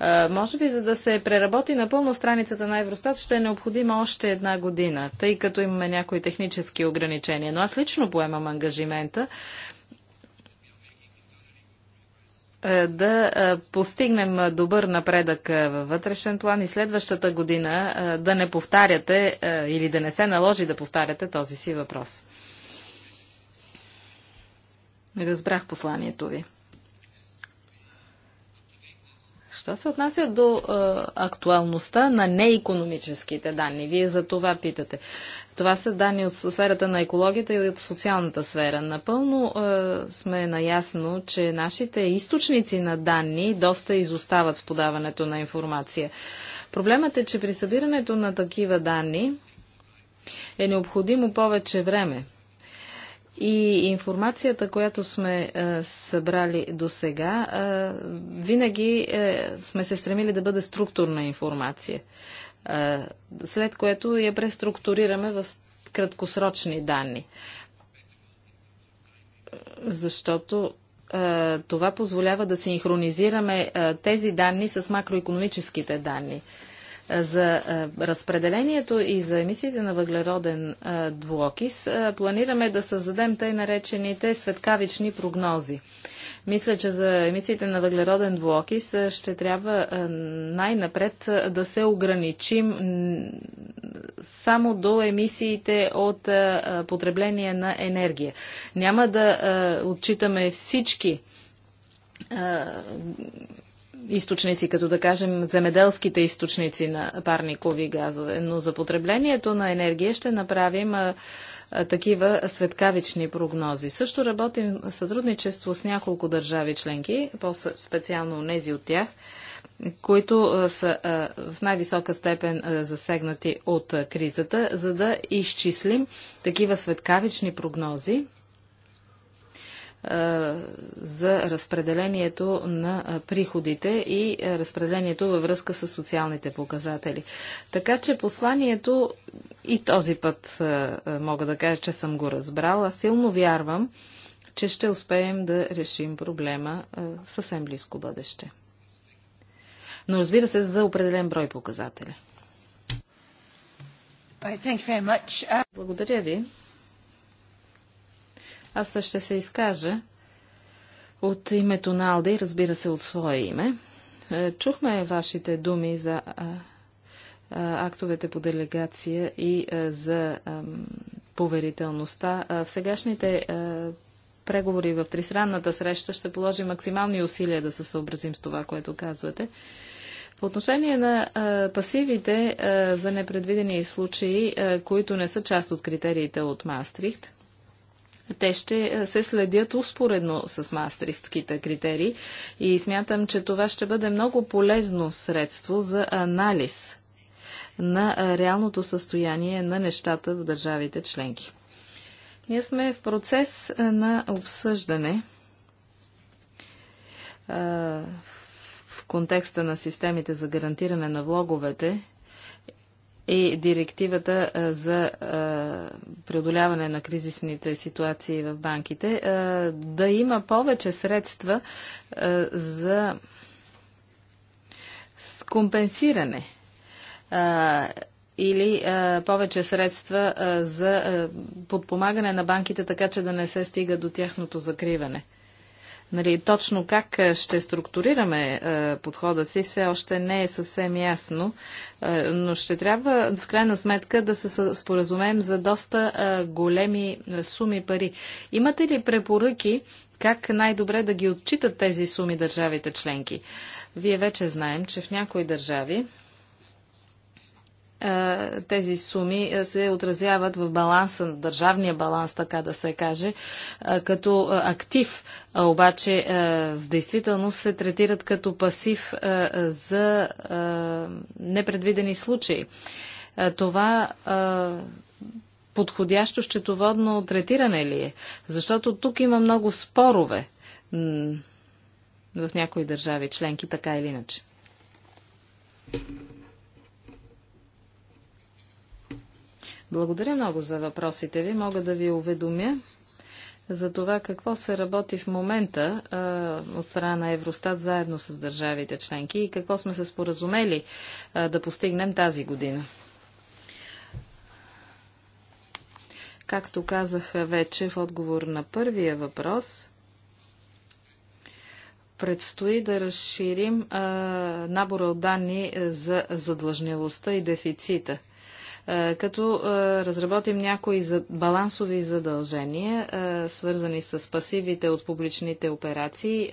Е, може би, за да се преработи напълно страницата на Евростат, ще е необходима още една година, тъй като имаме някои технически ограничения. Но аз лично поемам ангажимента да постигнем добър напредък във вътрешен план и следващата година да не повтаряте или да не се наложи да повтаряте този си въпрос. Не разбрах посланието ви. Що се отнася до е, актуалността на неекономическите данни? Вие за това питате. Това са данни от сферата на екологията и от социалната сфера. Напълно е, сме наясно, че нашите източници на данни доста изостават с подаването на информация. Проблемът е, че при събирането на такива данни е необходимо повече време. И информацията, която сме е, събрали до сега, е, винаги е, сме се стремили да бъде структурна информация, е, след което я преструктурираме в краткосрочни данни. Защото е, това позволява да синхронизираме е, тези данни с макроекономическите данни. За разпределението и за емисиите на въглероден двуокис планираме да създадем тъй наречените светкавични прогнози. Мисля, че за емисиите на въглероден двуокис ще трябва най-напред да се ограничим само до емисиите от потребление на енергия. Няма да отчитаме всички източници, като да кажем земеделските източници на парникови газове, но за потреблението на енергия ще направим такива светкавични прогнози. Също работим в сътрудничество с няколко държави членки, по-специално нези от тях, които са в най-висока степен засегнати от кризата, за да изчислим такива светкавични прогнози за разпределението на приходите и разпределението във връзка с социалните показатели. Така че посланието и този път мога да кажа, че съм го разбрала. Силно вярвам, че ще успеем да решим проблема в съвсем близко бъдеще. Но разбира се, за определен брой показатели. Uh, Благодаря ви. Аз ще се изкажа от името на Алда и разбира се от свое име. Е, чухме вашите думи за актовете по делегация и е, за поверителността. сегашните е, преговори в тристранната среща ще положи максимални усилия да се съобразим с това, което казвате. По отношение на а, пасивите а, за непредвидени случаи, а, които не са част от критериите от Мастрихт, те ще е, се следят успоредно с мастерските критерии и смятам, че това ще бъде много полезно средство за анализ на реалното състояние на нещата в държавите членки. Ние сме в процес е, на обсъждане е, в контекста на системите за гарантиране на влоговете и директивата за преодоляване на кризисните ситуации в банките, да има повече средства за компенсиране или повече средства за подпомагане на банките, така че да не се стига до тяхното закриване. Нали, точно как е, ще структурираме е, подхода си все още не е съвсем ясно, е, но ще трябва в крайна сметка да се споразумеем за доста големи суми пари. Имате ли препоръки как най-добре да ги отчитат тези суми държавите членки? Вие вече знаем, че в някои държави е, тези суми е, се отразяват в баланса, държавния баланс, така да се каже, е, като актив, обаче в действителност се третират като пасив за непредвидени случаи. Това подходящо счетоводно третиране ли е? Защото тук има много спорове в някои държави членки, така или иначе. Благодаря много за въпросите ви. Мога да ви уведомя за това какво се работи в момента а, от страна на Евростат заедно с държавите членки и какво сме се споразумели а, да постигнем тази година. Както казах вече в отговор на първия въпрос, предстои да разширим а, набора от данни за задлъжнилостта и дефицита. Е, като е, разработим някои балансови задължения, е, свързани с пасивите от публичните операции,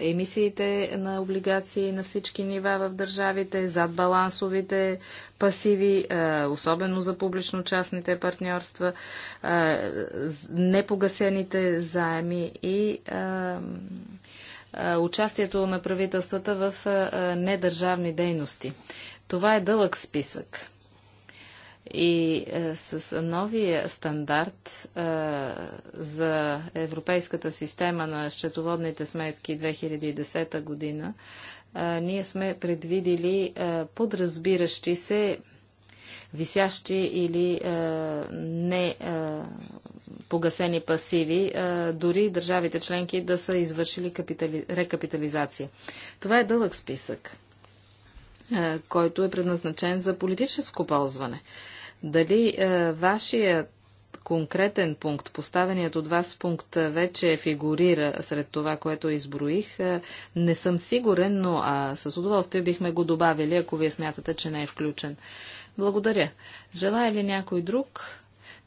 емисиите на облигации на всички нива в държавите, зад балансовите пасиви, особено за публично-частните партньорства, непогасените заеми и участието на правителствата в недържавни дейности. Това е дълъг списък. И е, с новия стандарт е, за Европейската система на счетоводните сметки 2010 година, е, ние сме предвидили е, подразбиращи се висящи или е, не е, погасени пасиви, е, дори държавите членки да са извършили капитали... рекапитализация. Това е дълъг списък, е, който е предназначен за политическо ползване. Е, дали е, вашият конкретен пункт, поставеният от вас пункт е, вече фигурира сред това, което изброих. Е, не съм сигурен, но а, с удоволствие бихме го добавили, ако вие смятате, че не е включен. Благодаря. Желая ли някой друг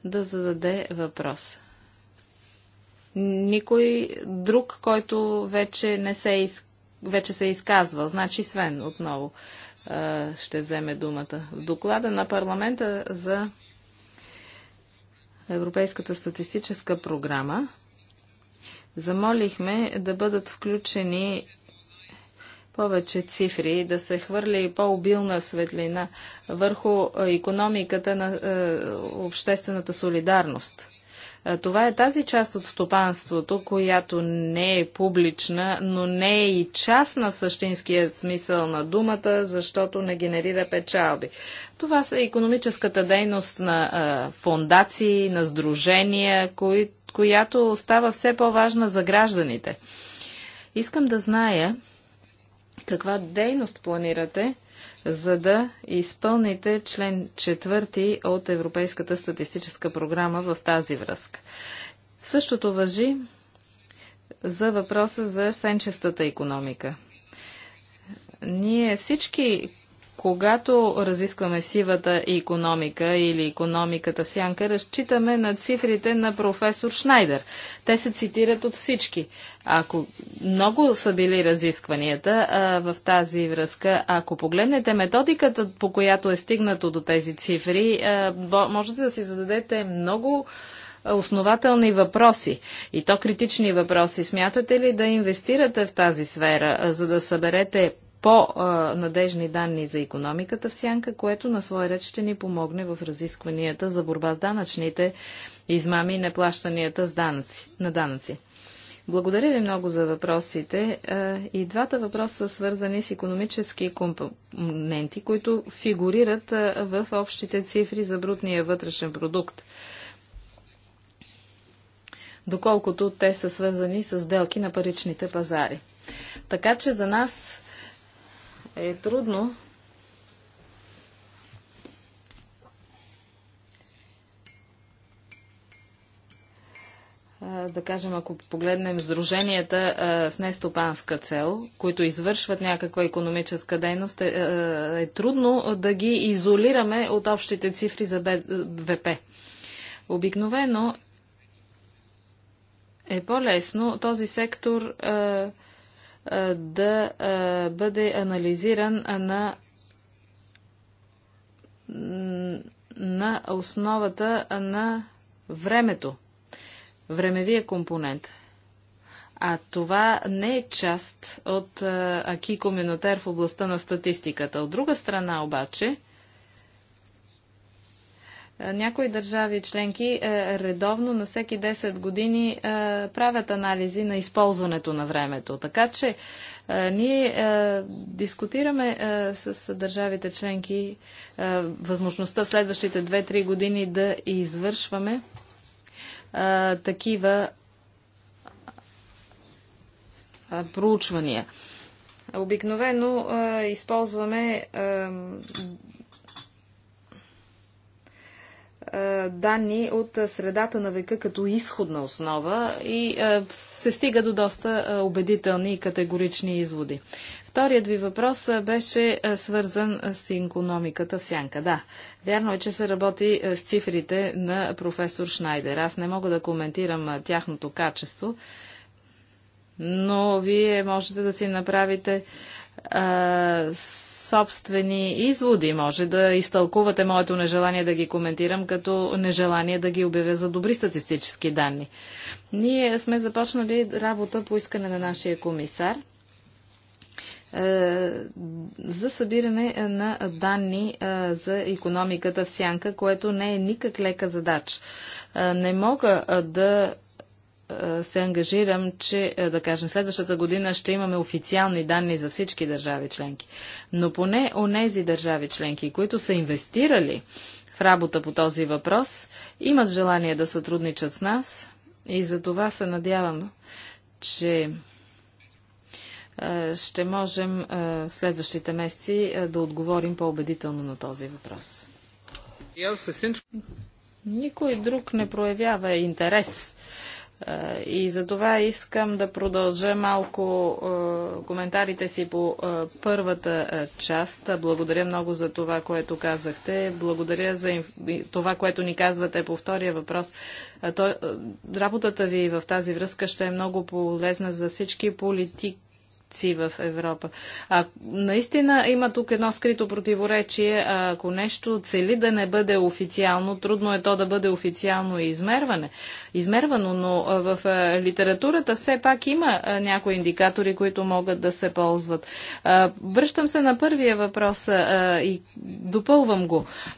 да зададе въпрос? Никой друг, който вече не се, из... вече се е изказвал. Значи Свен отново ще вземе думата. В доклада на парламента за Европейската статистическа програма замолихме да бъдат включени повече цифри, да се хвърли по-обилна светлина върху економиката на обществената солидарност. Е, това е тази част от стопанството, която не е публична, но не е и част на същинския смисъл на думата, защото не генерира печалби. Това са економическата дейност на а, е, фундации, на сдружения, кои, която става все по-важна за гражданите. Искам да зная каква дейност планирате за да изпълните член 4 от Европейската статистическа програма в тази връзка. Същото въжи за въпроса за сенчестата економика. Ние всички когато разискваме сивата економика или економиката в сянка, разчитаме на цифрите на професор Шнайдер. Те се цитират от всички. Ако много са били разискванията а, в тази връзка, ако погледнете методиката, по която е стигнато до тези цифри, а, можете да си зададете много основателни въпроси и то критични въпроси. Смятате ли да инвестирате в тази сфера, за да съберете по-надежни данни за економиката в сянка, което на своя ред ще ни помогне в разискванията за борба с данъчните измами и неплащанията с данъци, на данъци. Благодаря ви много за въпросите. И двата въпроса са свързани с економически компоненти, които фигурират в общите цифри за брутния вътрешен продукт. Доколкото те са свързани с делки на паричните пазари. Така че за нас е трудно. Да кажем, ако погледнем сдруженията с нестопанска цел, които извършват някаква економическа дейност, е, е, е трудно да ги изолираме от общите цифри за ВП. Обикновено е по-лесно този сектор е, да бъде анализиран на на основата на времето, времевия компонент. А това не е част от Аки Коминотер в областта на статистиката. От друга страна обаче, е, някои държави членки е, редовно на всеки 10 години е, правят анализи на използването на времето. Така че ние дискутираме с държавите членки възможността следващите 2-3 години да извършваме такива проучвания. Обикновено използваме е, данни от средата на века като изходна основа и е, се стига до доста е, убедителни и категорични изводи. Вторият ви въпрос беше свързан с економиката в сянка. Да, вярно е, че се работи с цифрите на професор Шнайдер. Аз не мога да коментирам тяхното качество, но вие можете да си направите а, собствени изводи. Може да изтълкувате моето нежелание да ги коментирам като нежелание да ги обявя за добри статистически данни. Ние сме започнали работа по искане на нашия комисар е, за събиране на данни е, за економиката в сянка, което не е никак лека задач. Е, не мога да е, се ангажирам, че, е, да кажем, следващата година ще имаме официални данни за всички държави членки. Но поне у нези държави членки, които са инвестирали в работа по този въпрос, имат желание да сътрудничат с нас и за това се надявам, че е, ще можем в следващите месеци да отговорим по-убедително на този въпрос. Никой друг не проявява интерес и за това искам да продължа малко коментарите си по първата част. Благодаря много за това, което казахте. Благодаря за това, което ни казвате по втория въпрос. работата ви в тази връзка ще е много полезна за всички политики си в Европа. А, наистина има тук едно скрито противоречие. А, ако нещо цели да не бъде официално, трудно е то да бъде официално измерване. измервано, но а, в а, литературата все пак има а, някои индикатори, които могат да се ползват. А, връщам се на първия въпрос а, и допълвам го. А,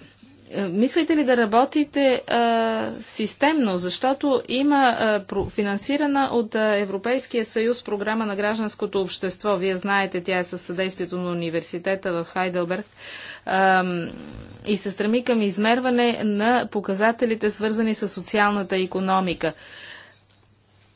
е, мислите ли да работите а, е, системно, защото има а, е, финансирана от а, Европейския съюз програма на гражданското общество. Вие знаете, тя е със съдействието на университета в Хайделберг а, и се стреми към измерване на показателите, свързани с социалната економика. А,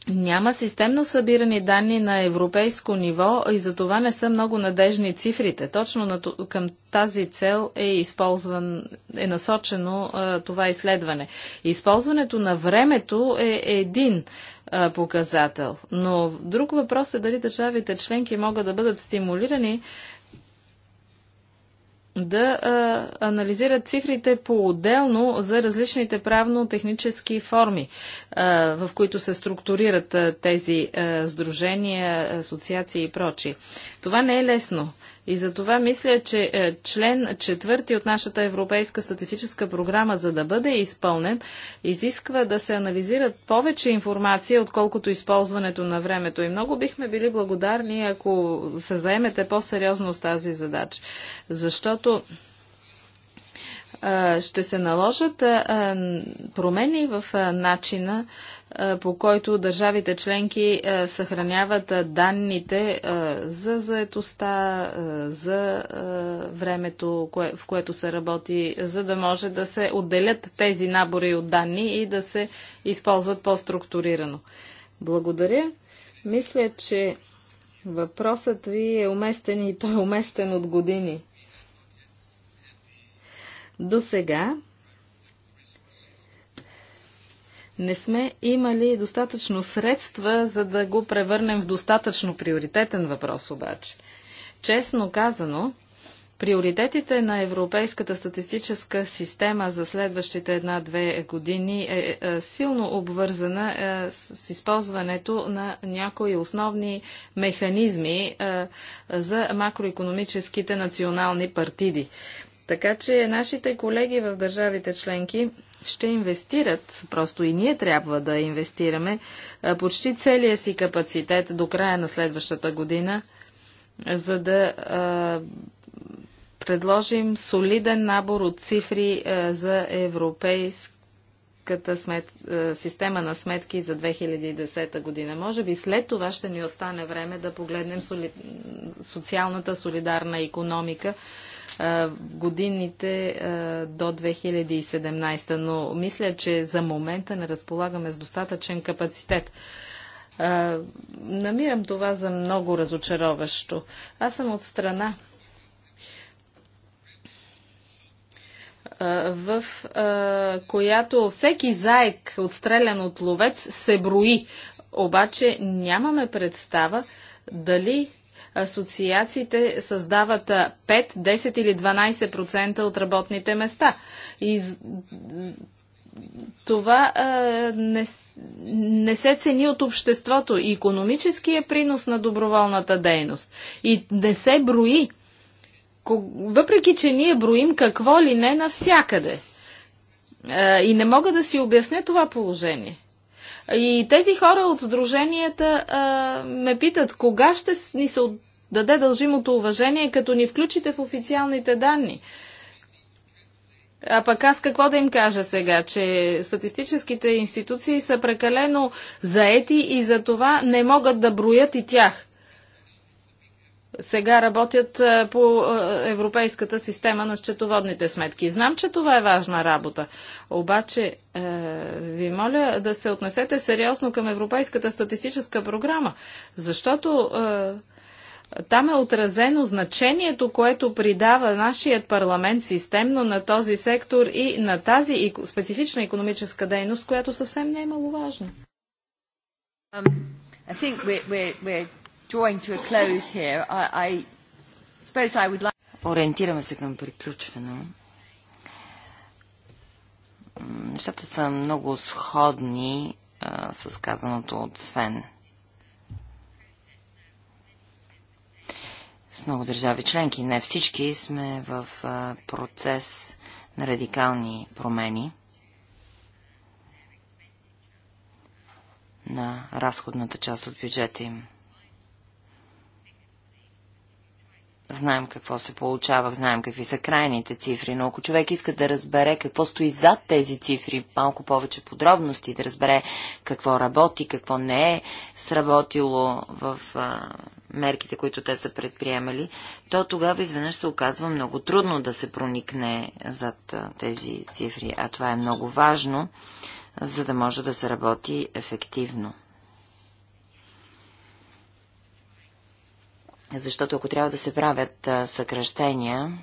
няма системно събирани данни на европейско ниво и за това не са много надежни цифрите. Точно на, към тази цел е използван, е насочено а, това изследване. Използването на времето е един а, показател, но друг въпрос е дали държавите членки могат да бъдат стимулирани да а, анализират цифрите по-отделно за различните правно-технически форми, а, в които се структурират а, тези а, сдружения, асоциации и прочи. Това не е лесно. И за това мисля, че е, член четвърти от нашата европейска статистическа програма, за да бъде изпълнен, изисква да се анализират повече информация, отколкото използването на времето. И много бихме били благодарни, ако се заемете по-сериозно с тази задача. Защото е, ще се наложат е, промени в начина по който държавите членки съхраняват данните за заетостта, за времето, в което се работи, за да може да се отделят тези набори от данни и да се използват по-структурирано. Благодаря. Мисля, че въпросът ви е уместен и той е уместен от години. До сега не сме имали достатъчно средства, за да го превърнем в достатъчно приоритетен въпрос обаче. Честно казано, Приоритетите на Европейската статистическа система за следващите една-две години е, е, е силно обвързана е, с използването на някои основни механизми за макроекономическите национални партиди. Така че нашите колеги в държавите членки ще инвестират, просто и ние трябва да инвестираме почти целия си капацитет до края на следващата година, за да предложим солиден набор от цифри за европейската смет... система на сметки за 2010 година. Може би след това ще ни остане време да погледнем соли... социалната солидарна економика годините до 2017, но мисля, че за момента не разполагаме с достатъчен капацитет. Намирам това за много разочароващо. Аз съм от страна, в а, която всеки заек, отстрелян от ловец, се брои. Обаче нямаме представа дали асоциациите създават 5, 10 или 12% от работните места. И това а, не, не се цени от обществото. И економическия е принос на доброволната дейност. И не се брои. Въпреки, че ние броим какво ли не навсякъде. и не мога да си обясня това положение. И тези хора от сдруженията ме питат, кога ще ни се даде дължимото уважение, като ни включите в официалните данни. А пък аз какво да им кажа сега, че статистическите институции са прекалено заети и за това не могат да броят и тях. Сега работят по европейската система на счетоводните сметки. Знам, че това е важна работа. Обаче е, ви моля да се отнесете сериозно към Европейската статистическа програма, защото е, там е отразено значението, което придава нашият парламент системно на този сектор и на тази специфична економическа дейност, която съвсем не е маловажна. Um, Ориентираме се към приключване. Нещата са много сходни а, с казаното от Свен. с много държави членки. Не всички сме в процес на радикални промени на разходната част от бюджета им. Знаем какво се получава, знаем какви са крайните цифри, но ако човек иска да разбере какво стои зад тези цифри, малко повече подробности, да разбере какво работи, какво не е сработило в а, мерките, които те са предприемали, то тогава изведнъж се оказва много трудно да се проникне зад тези цифри, а това е много важно, за да може да се работи ефективно. Защото ако трябва да се правят съкръщения,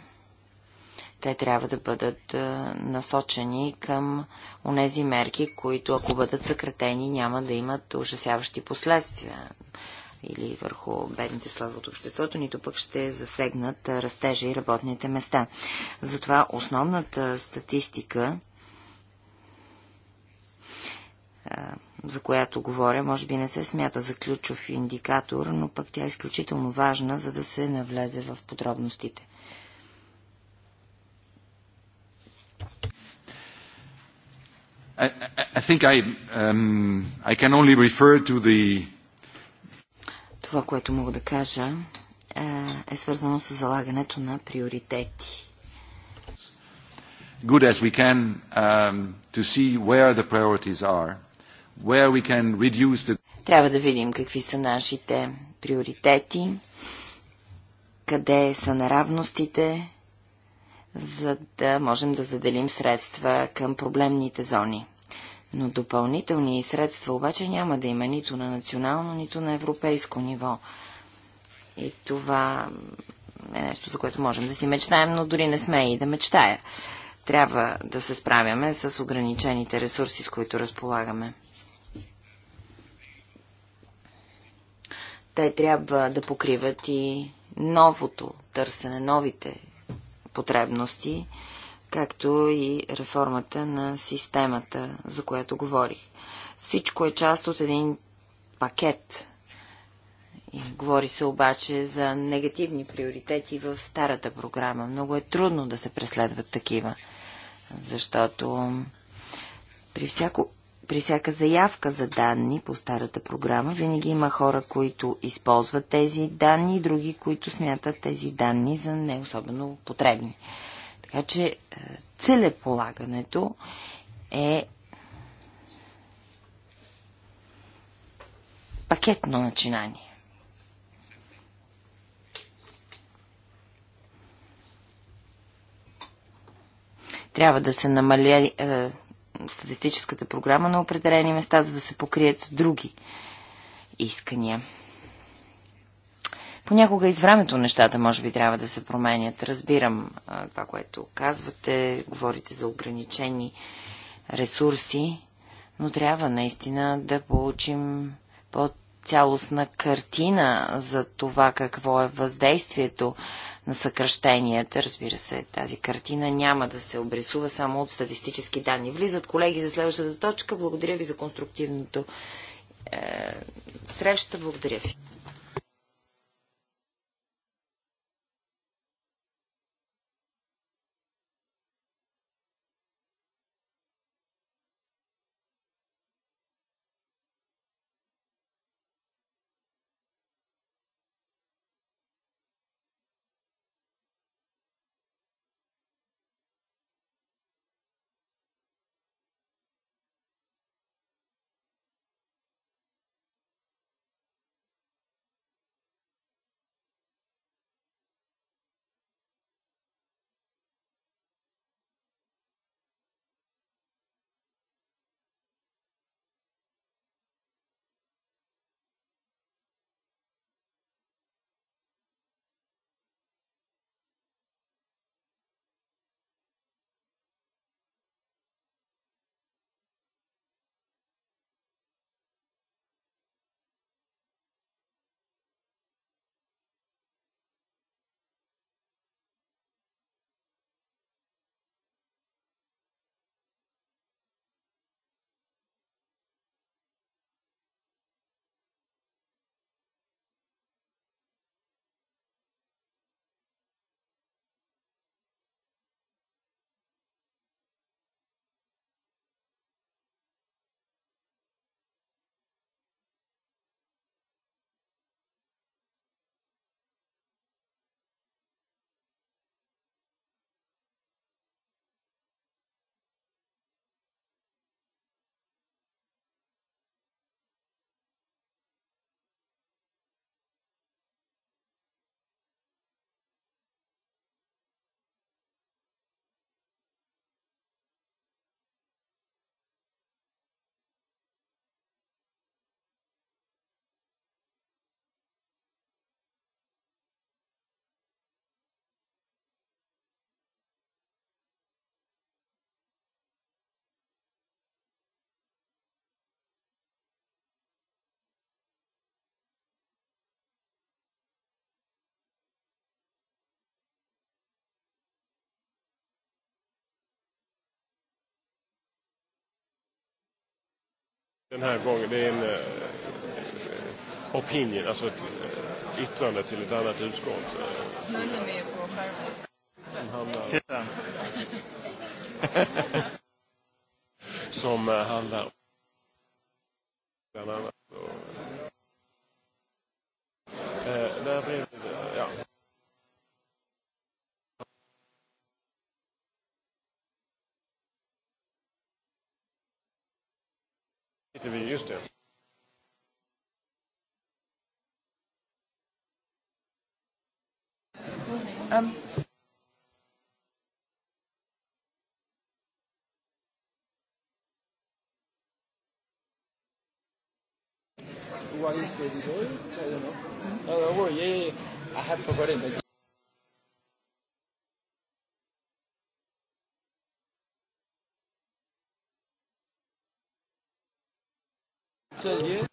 те трябва да бъдат насочени към онези мерки, които ако бъдат съкратени, няма да имат ужасяващи последствия или върху бедните слава от обществото, нито пък ще засегнат растежа и работните места. Затова основната статистика, за която говоря, може би не се смята за ключов индикатор, но пък тя е изключително важна, за да се навлезе в подробностите. I, I think I, um, I can only refer to the това, което мога да кажа, е, е свързано с залагането на приоритети. Good as we can um, to see where the priorities are, where we can reduce the... Трябва да видим какви са нашите приоритети, къде са неравностите, за да можем да заделим средства към проблемните зони. Но допълнителни средства обаче няма да има нито на национално, нито на европейско ниво. И това е нещо, за което можем да си мечтаем, но дори не сме и да мечтая. Трябва да се справяме с ограничените ресурси, с които разполагаме. Те трябва да покриват и новото търсене, новите потребности както и реформата на системата, за която говорих. Всичко е част от един пакет. И говори се обаче за негативни приоритети в старата програма. Много е трудно да се преследват такива, защото при, всяко, при всяка заявка за данни по старата програма винаги има хора, които използват тези данни и други, които смятат тези данни за не особено потребни. Така че е, целеполагането е пакетно начинание. Трябва да се намаля е, статистическата програма на определени места, за да се покрият други искания. Понякога из времето нещата може би трябва да се променят. Разбирам а, това, което казвате, говорите за ограничени ресурси, но трябва наистина да получим по-цялостна картина за това какво е въздействието на съкръщенията. Разбира се, тази картина няма да се обрисува само от статистически данни. Влизат колеги за следващата точка. Благодаря ви за конструктивното е, среща. Благодаря ви. Den här gången, det är en uh, opinion, alltså ett uh, yttrande till ett annat utskott. Snurren är på skärmen. Som eh, handlar bland annat to be used to. Um. What is David Bowie? I don't know. Mm-hmm. Oh, yeah, yeah, yeah. I have forgotten. cel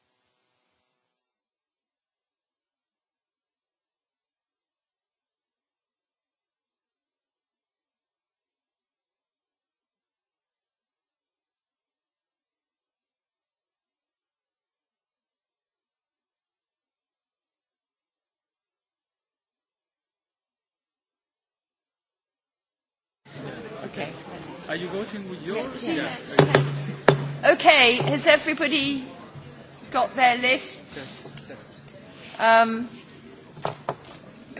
Okay. Are you voting with yours? Yeah. yeah. Okay. Has everybody got their lists. Um,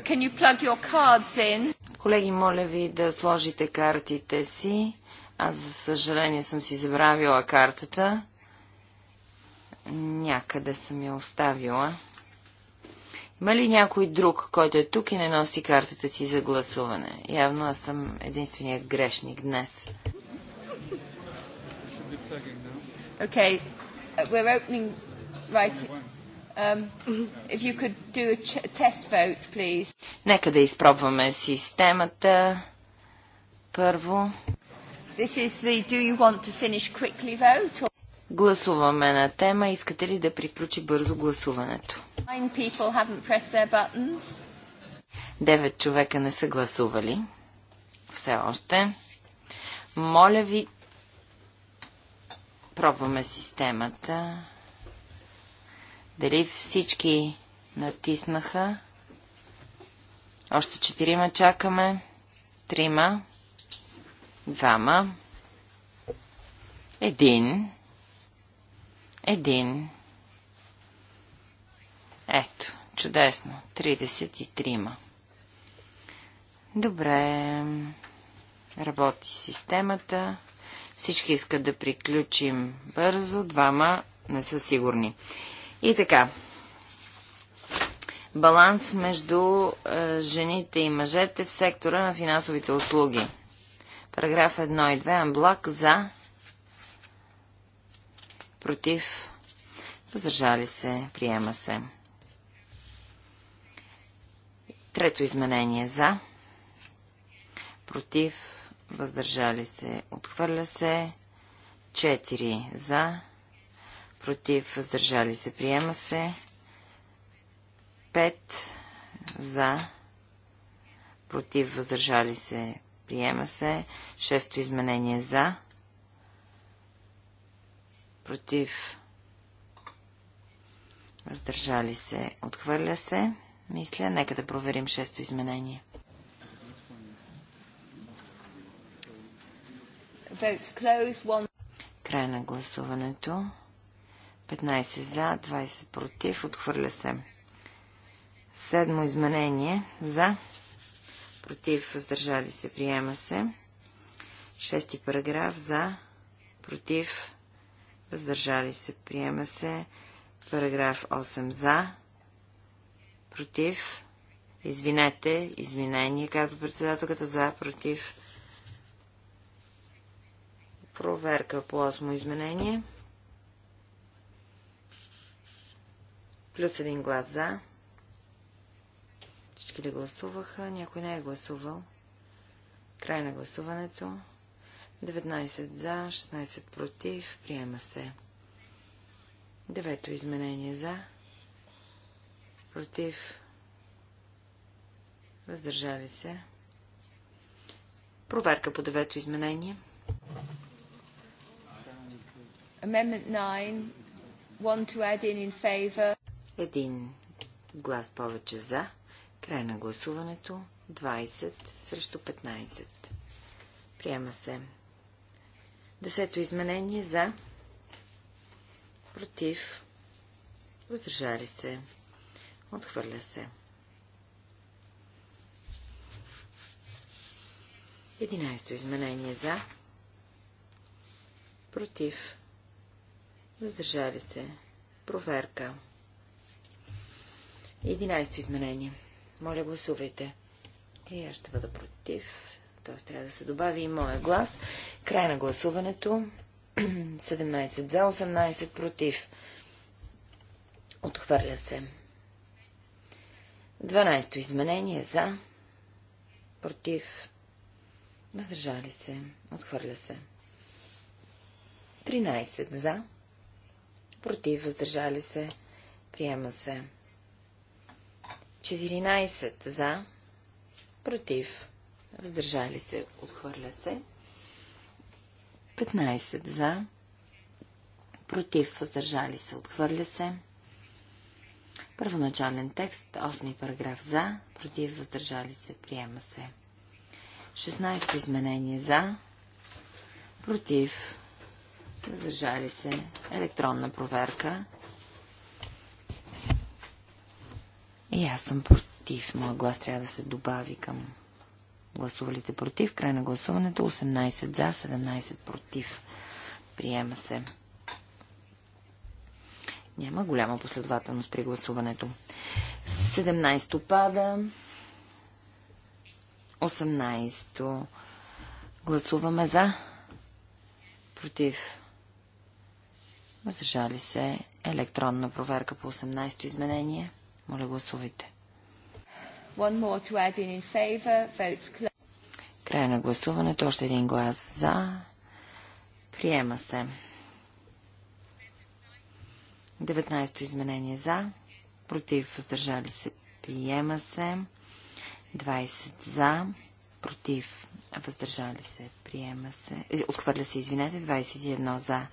can you plug your cards in? Колеги, моля ви да сложите картите си. Аз, за съжаление, съм си забравила картата. Някъде съм я оставила. Има ли някой друг, който е тук и не носи картата си за гласуване? Явно аз съм единственият грешник днес. Okay, uh, we're opening Right. Um, if you could do a test vote, please. Нека да изпробваме системата. Първо. This is the do you want to finish quickly vote? Or... Гласуваме на тема. Искате ли да приключи бързо гласуването? Nine people haven't pressed their buttons. Девет човека не са гласували. Все още. Моля ви, пробваме системата. Дали всички натиснаха? Още четирима чакаме. Трима. Двама. Един. Един. Ето, чудесно. 33-ма. Добре. Работи системата. Всички искат да приключим бързо. Двама не са сигурни. И така. Баланс между е, жените и мъжете в сектора на финансовите услуги. Параграф 1 и 2. Амблак за. Против. Въздържали се. Приема се. Трето изменение за. Против. Въздържали се. Отхвърля се. 4 за против, въздържали се, приема се. 5 за, против, въздържали се, приема се. Шесто изменение за, против, въздържали се, отхвърля се. Мисля, нека да проверим шесто изменение. Край на гласуването. 15 за, 20 против, отхвърля се. Седмо изменение за, против, въздържали се, приема се. Шести параграф за, против, въздържали се, приема се. Параграф 8 за, против, извинете, извинение, казва председателката за, против. Проверка по 8 изменение. Плюс един глас за. Всички ли гласуваха? Някой не е гласувал. Край на гласуването. 19 за, 16 против. Приема се. Девето изменение за. Против. Въздържали се. Проверка по девето изменение. Amendment 9. One to add in in favor. Един глас повече за. Край на гласуването. 20 срещу 15. Приема се. Десето изменение за. Против. Въздържали се. Отхвърля се. 11 изменение за. Против. Въздържали се. Проверка. 11 изменение. Моля, гласувайте. И аз ще бъда против. Той трябва да се добави и моя глас. Край на гласуването. 17 за, 18 против. Отхвърля се. 12 изменение за, против, въздържали се, отхвърля се. 13 за, против, въздържали се, приема се. 14 за, против, въздържали се, отхвърля се. 15 за, против, въздържали се, отхвърля се. Първоначален текст, 8 параграф за, против, въздържали се, приема се. 16 изменение за, против, въздържали се, електронна проверка. И аз съм против. Моя глас трябва да се добави към гласувалите против. Край на гласуването 18 за, 17 против. Приема се. Няма голяма последователност при гласуването. 17 пада. 18 Гласуваме за. Против. Въздържали се. Електронна проверка по 18-то изменение. 18 моля, гласувайте. Край на гласуването. Още един глас за. Приема се. 19-то изменение за. Против. Въздържали се. Приема се. 20 за. Против. Въздържали се. Приема се. Е, отхвърля се, извинете. 21 за.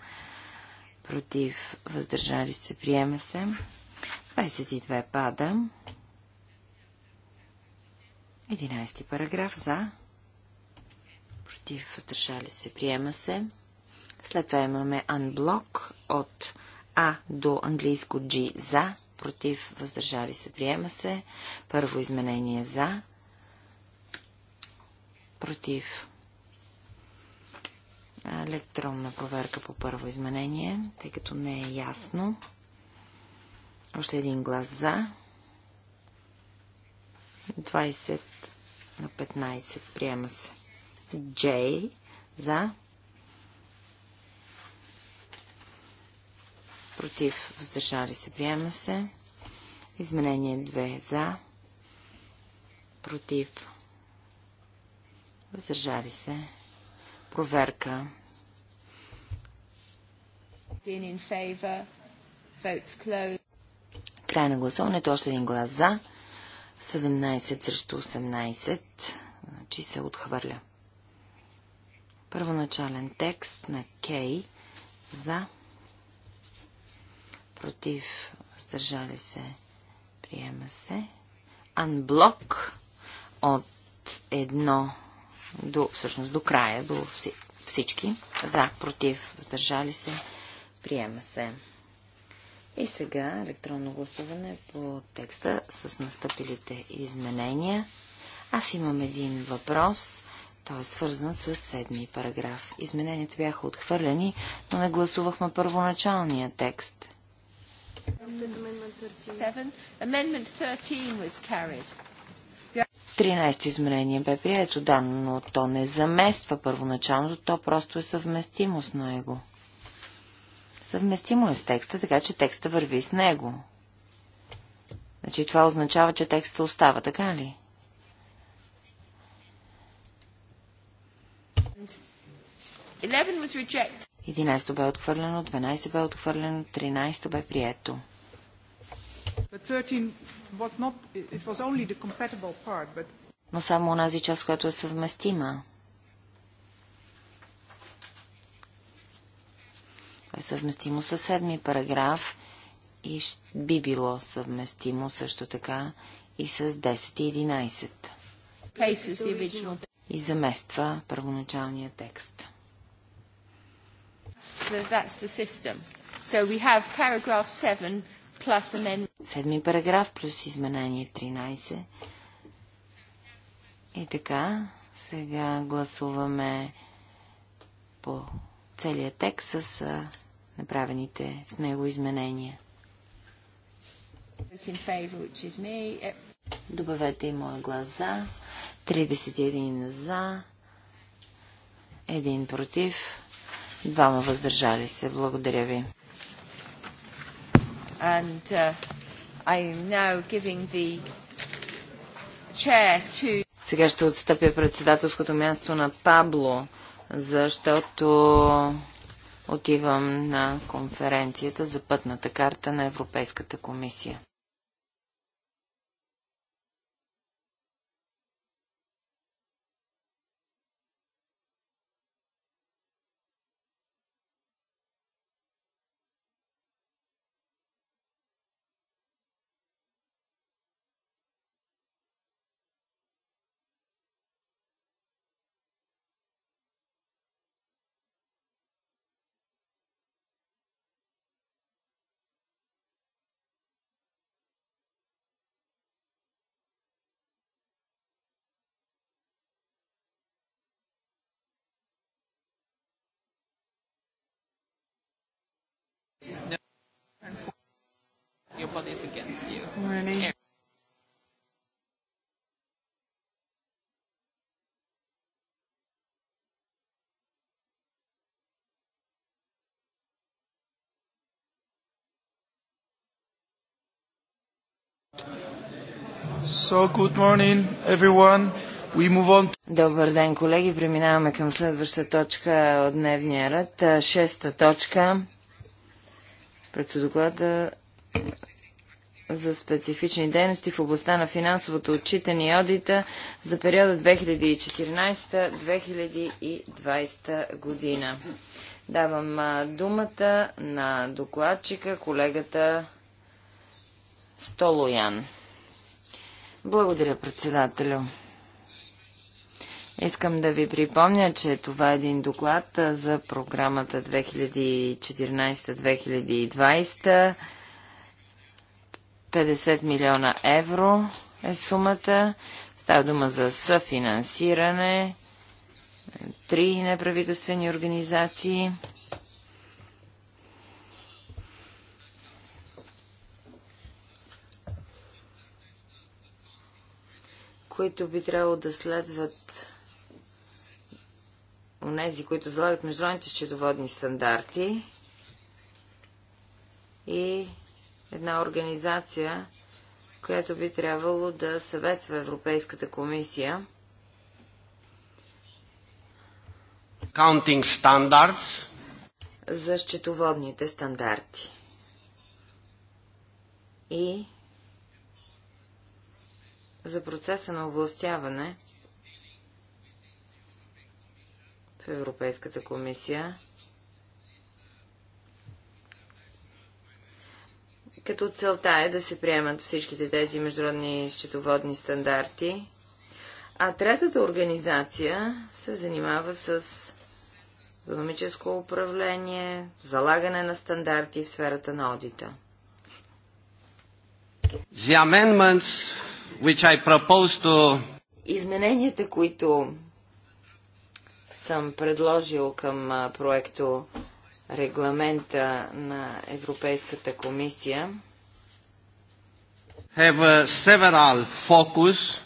Против. Въздържали се. Приема се. 22 пада. 11 параграф за. Против, въздържали се, приема се. След това имаме анблок от А до английско G за. Против, въздържали се, приема се. Първо изменение за. Против. Електронна проверка по първо изменение, тъй като не е ясно. Още един глас за. 20 на 15. Приема се. Джей за. Против. Въздържали се. Приема се. Изменение 2 за. Против. Въздържали се. Проверка. In favor. Votes closed. Край на гласуването. Още един глас за. 17 срещу 18. Значи се отхвърля. Първоначален текст на Кей за. Против. Сдържали се. Приема се. Анблок от едно до, всъщност до края, до всички. За, против, въздържали се, приема се. И сега електронно гласуване по текста с настъпилите изменения. Аз имам един въпрос. Той е свързан с седми параграф. Измененията бяха отхвърлени, но не гласувахме първоначалния текст. Тринайсто изменение бе прието, да, но то не замества първоначалното, то просто е съвместимо с него. Съвместимо е с текста, така че текста върви с него. Значи това означава, че текста остава, така ли? Единайсто бе отхвърлено, 12 бе отхвърлено, 13 бе прието. Но само онази част, която е съвместима. е съвместимо с седми параграф и би било съвместимо също така и с 10 и 11. И замества първоначалния текст. Седми параграф плюс изменение 13. И така, сега гласуваме по целият текст с направените в него изменения. Добавете и моя глас за. 31 за. един против. Двама въздържали се. Благодаря ви. And, uh, I'm now giving the chair to... Сега ще отстъпя председателското място на Пабло, защото отивам на конференцията за пътната карта на Европейската комисия. nobody's against you. Morning. So, good morning, everyone. We move on. Добър ден, колеги. Преминаваме към следваща точка от дневния ред. Шеста точка. Проектодоклада за специфични дейности в областта на финансовото отчитане и одита за периода 2014-2020 година. Давам думата на докладчика, колегата Столоян. Благодаря, председателю. Искам да ви припомня, че това е един доклад за програмата 2014-2020 50 милиона евро е сумата. Става дума за съфинансиране. Три неправителствени организации. които би трябвало да следват нези, които залагат международните счетоводни стандарти една организация, която би трябвало да съветства Европейската комисия. Counting standards. За счетоводните стандарти. И за процеса на овластяване в Европейската комисия като целта е да се приемат всичките тези международни счетоводни стандарти. А третата организация се занимава с економическо управление, залагане на стандарти в сферата на одита. To... Измененията, които съм предложил към проекто регламента на Европейската комисия. Have uh, several focus,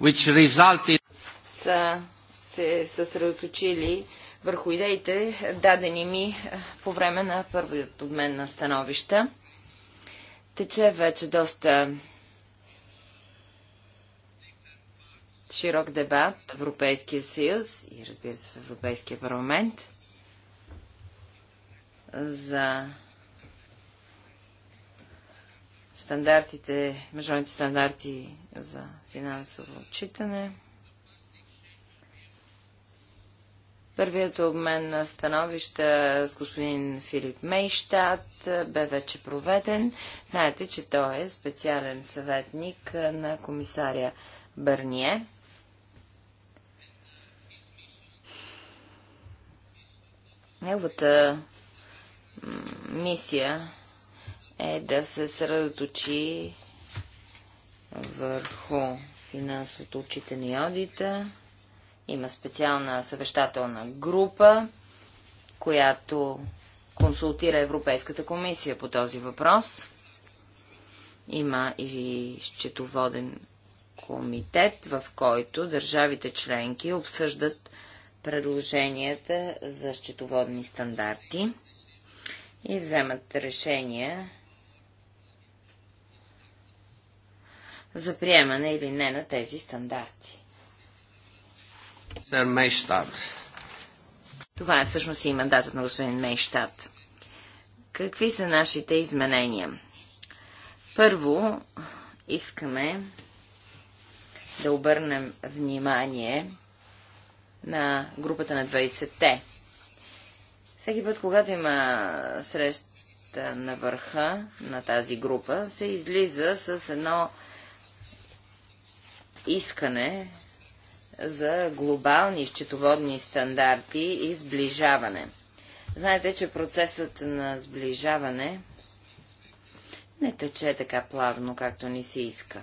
which resulted... са се съсредоточили върху идеите, дадени ми е, по време на първият обмен на становища. Тече вече доста широк дебат в Европейския съюз и разбира се в Европейския парламент – за стандартите, международните стандарти за финансово отчитане. Първият обмен на становища с господин Филип Мейштад бе вече проведен. Знаете, че той е специален съветник на комисаря Бърние. Неговата мисия е да се средоточи върху финансовото отчитане и одита. Има специална съвещателна група, която консултира Европейската комисия по този въпрос. Има и счетоводен комитет, в който държавите членки обсъждат предложенията за счетоводни стандарти и вземат решения за приемане или не на тези стандарти. Това е всъщност и мандатът на господин Мейштад. Какви са нашите изменения? Първо, искаме да обърнем внимание на групата на 20-те. Всеки път, когато има среща на върха на тази група, се излиза с едно искане за глобални счетоводни стандарти и сближаване. Знаете, че процесът на сближаване не тече така плавно, както ни се иска.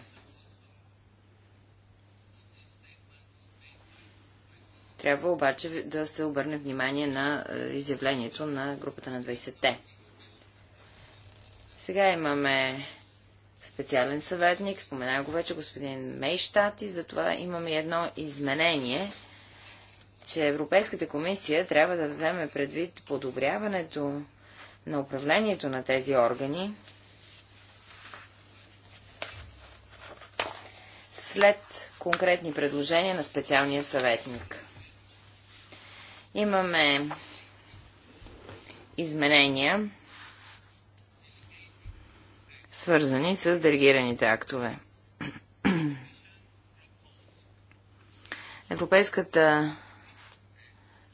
Трябва обаче да се обърне внимание на е, изявлението на групата на 20-те. Сега имаме специален съветник, спомена го вече господин Мейштат и затова имаме едно изменение, че Европейската комисия трябва да вземе предвид подобряването на управлението на тези органи след конкретни предложения на специалния съветник. Имаме изменения, свързани с делегираните актове. Европейската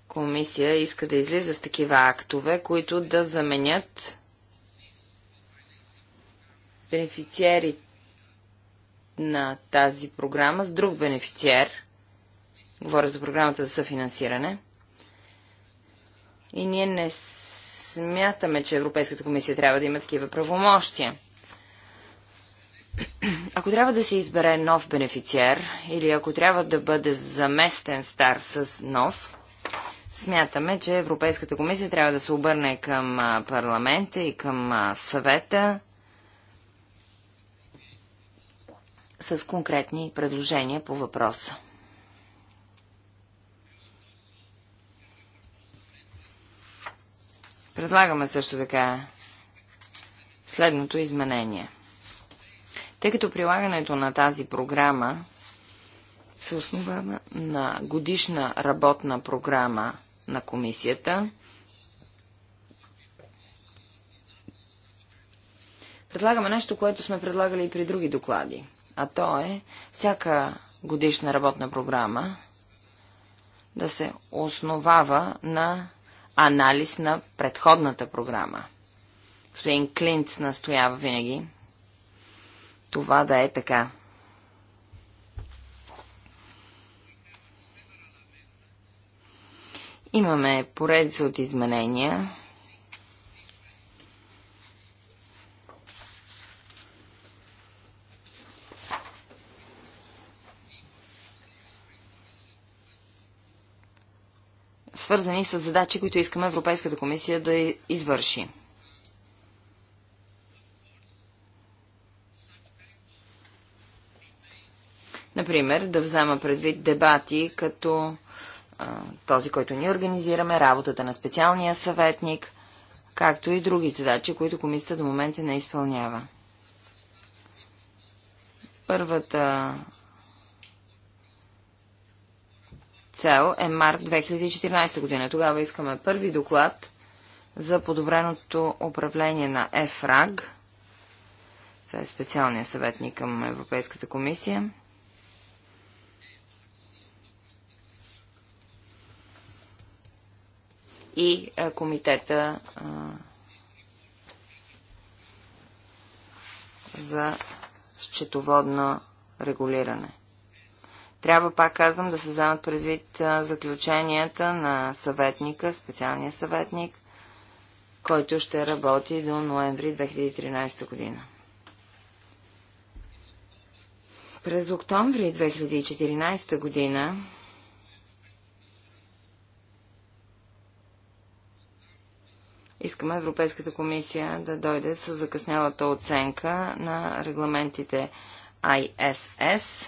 комисия иска да излиза с такива актове, които да заменят бенефициери на тази програма с друг бенефициер. Говоря за програмата за съфинансиране – и ние не смятаме, че Европейската комисия трябва да има такива правомощия. Ако трябва да се избере нов бенефициер или ако трябва да бъде заместен стар с нов, смятаме, че Европейската комисия трябва да се обърне към парламента и към съвета с конкретни предложения по въпроса. Предлагаме също така следното изменение. Тъй като прилагането на тази програма се основава на годишна работна програма на комисията, предлагаме нещо, което сме предлагали и при други доклади. А то е всяка годишна работна програма да се основава на анализ на предходната програма. Господин Клинц настоява винаги това да е така. Имаме поредица от изменения свързани с задачи, които искаме Европейската комисия да извърши. Например, да взема предвид дебати като а, този, който ние организираме, работата на специалния съветник, както и други задачи, които комисията до момента не изпълнява. Първата цел е март 2014 година. Тогава искаме първи доклад за подобреното управление на ЕФРАГ. Това е специалният съветник към Европейската комисия. И комитета за счетоводно регулиране. Трябва, пак казвам, да се вземат предвид заключенията на съветника, специалния съветник, който ще работи до ноември 2013 година. През октомври 2014 година искаме Европейската комисия да дойде с закъснялата оценка на регламентите ISS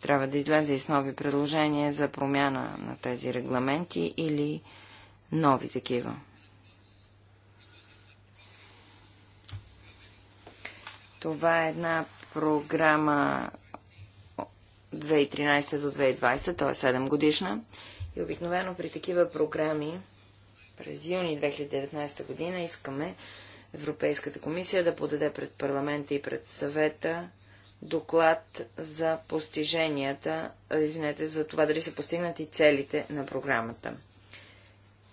трябва да излезе и с нови предложения за промяна на тези регламенти или нови такива. Това е една програма 2013 до 2020, т.е. 7 годишна. И обикновено при такива програми през юни 2019 година искаме Европейската комисия да подаде пред парламента и пред съвета доклад за постиженията, извинете, за това дали са постигнати целите на програмата.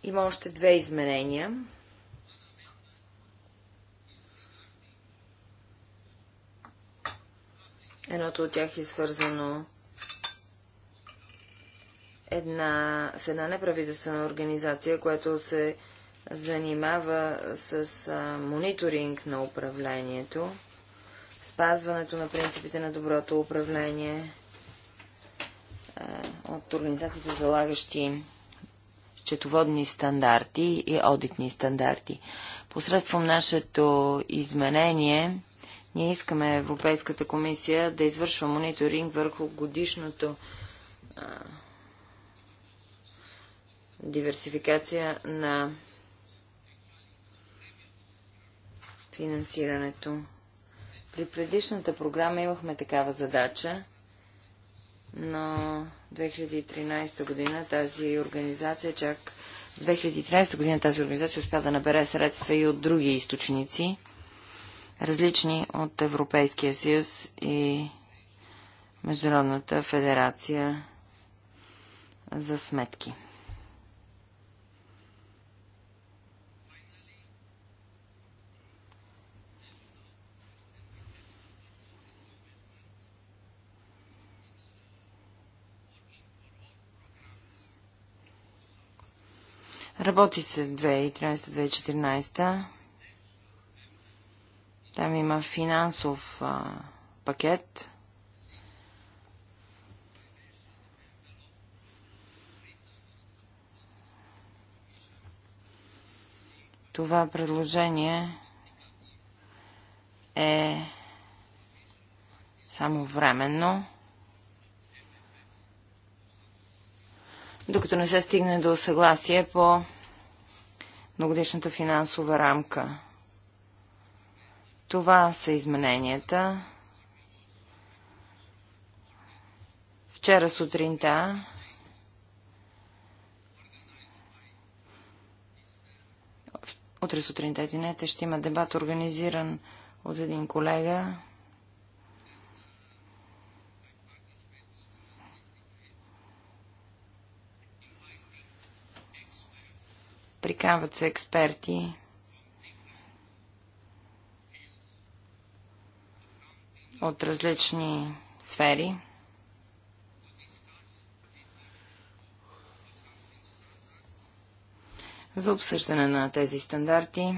Има още две изменения. Едното от тях е свързано една, с една неправителствена организация, която се занимава с а, мониторинг на управлението спазването на принципите на доброто управление е, от организациите, залагащи счетоводни стандарти и одитни стандарти. Посредством нашето изменение ние искаме Европейската комисия да извършва мониторинг върху годишното а, диверсификация на финансирането. При предишната програма имахме такава задача, но 2013 година тази организация чак 2013 година тази организация успя да набере средства и от други източници, различни от Европейския съюз и Международната федерация за сметки. Работи се 2013-2014. Там има финансов а, пакет. Това предложение е само временно. докато не се стигне до съгласие по многодишната финансова рамка. Това са измененията. Вчера сутринта утре сутринта, извинете, ще има дебат, организиран от един колега приканват се експерти. от различни сфери. За обсъждане на тези стандарти.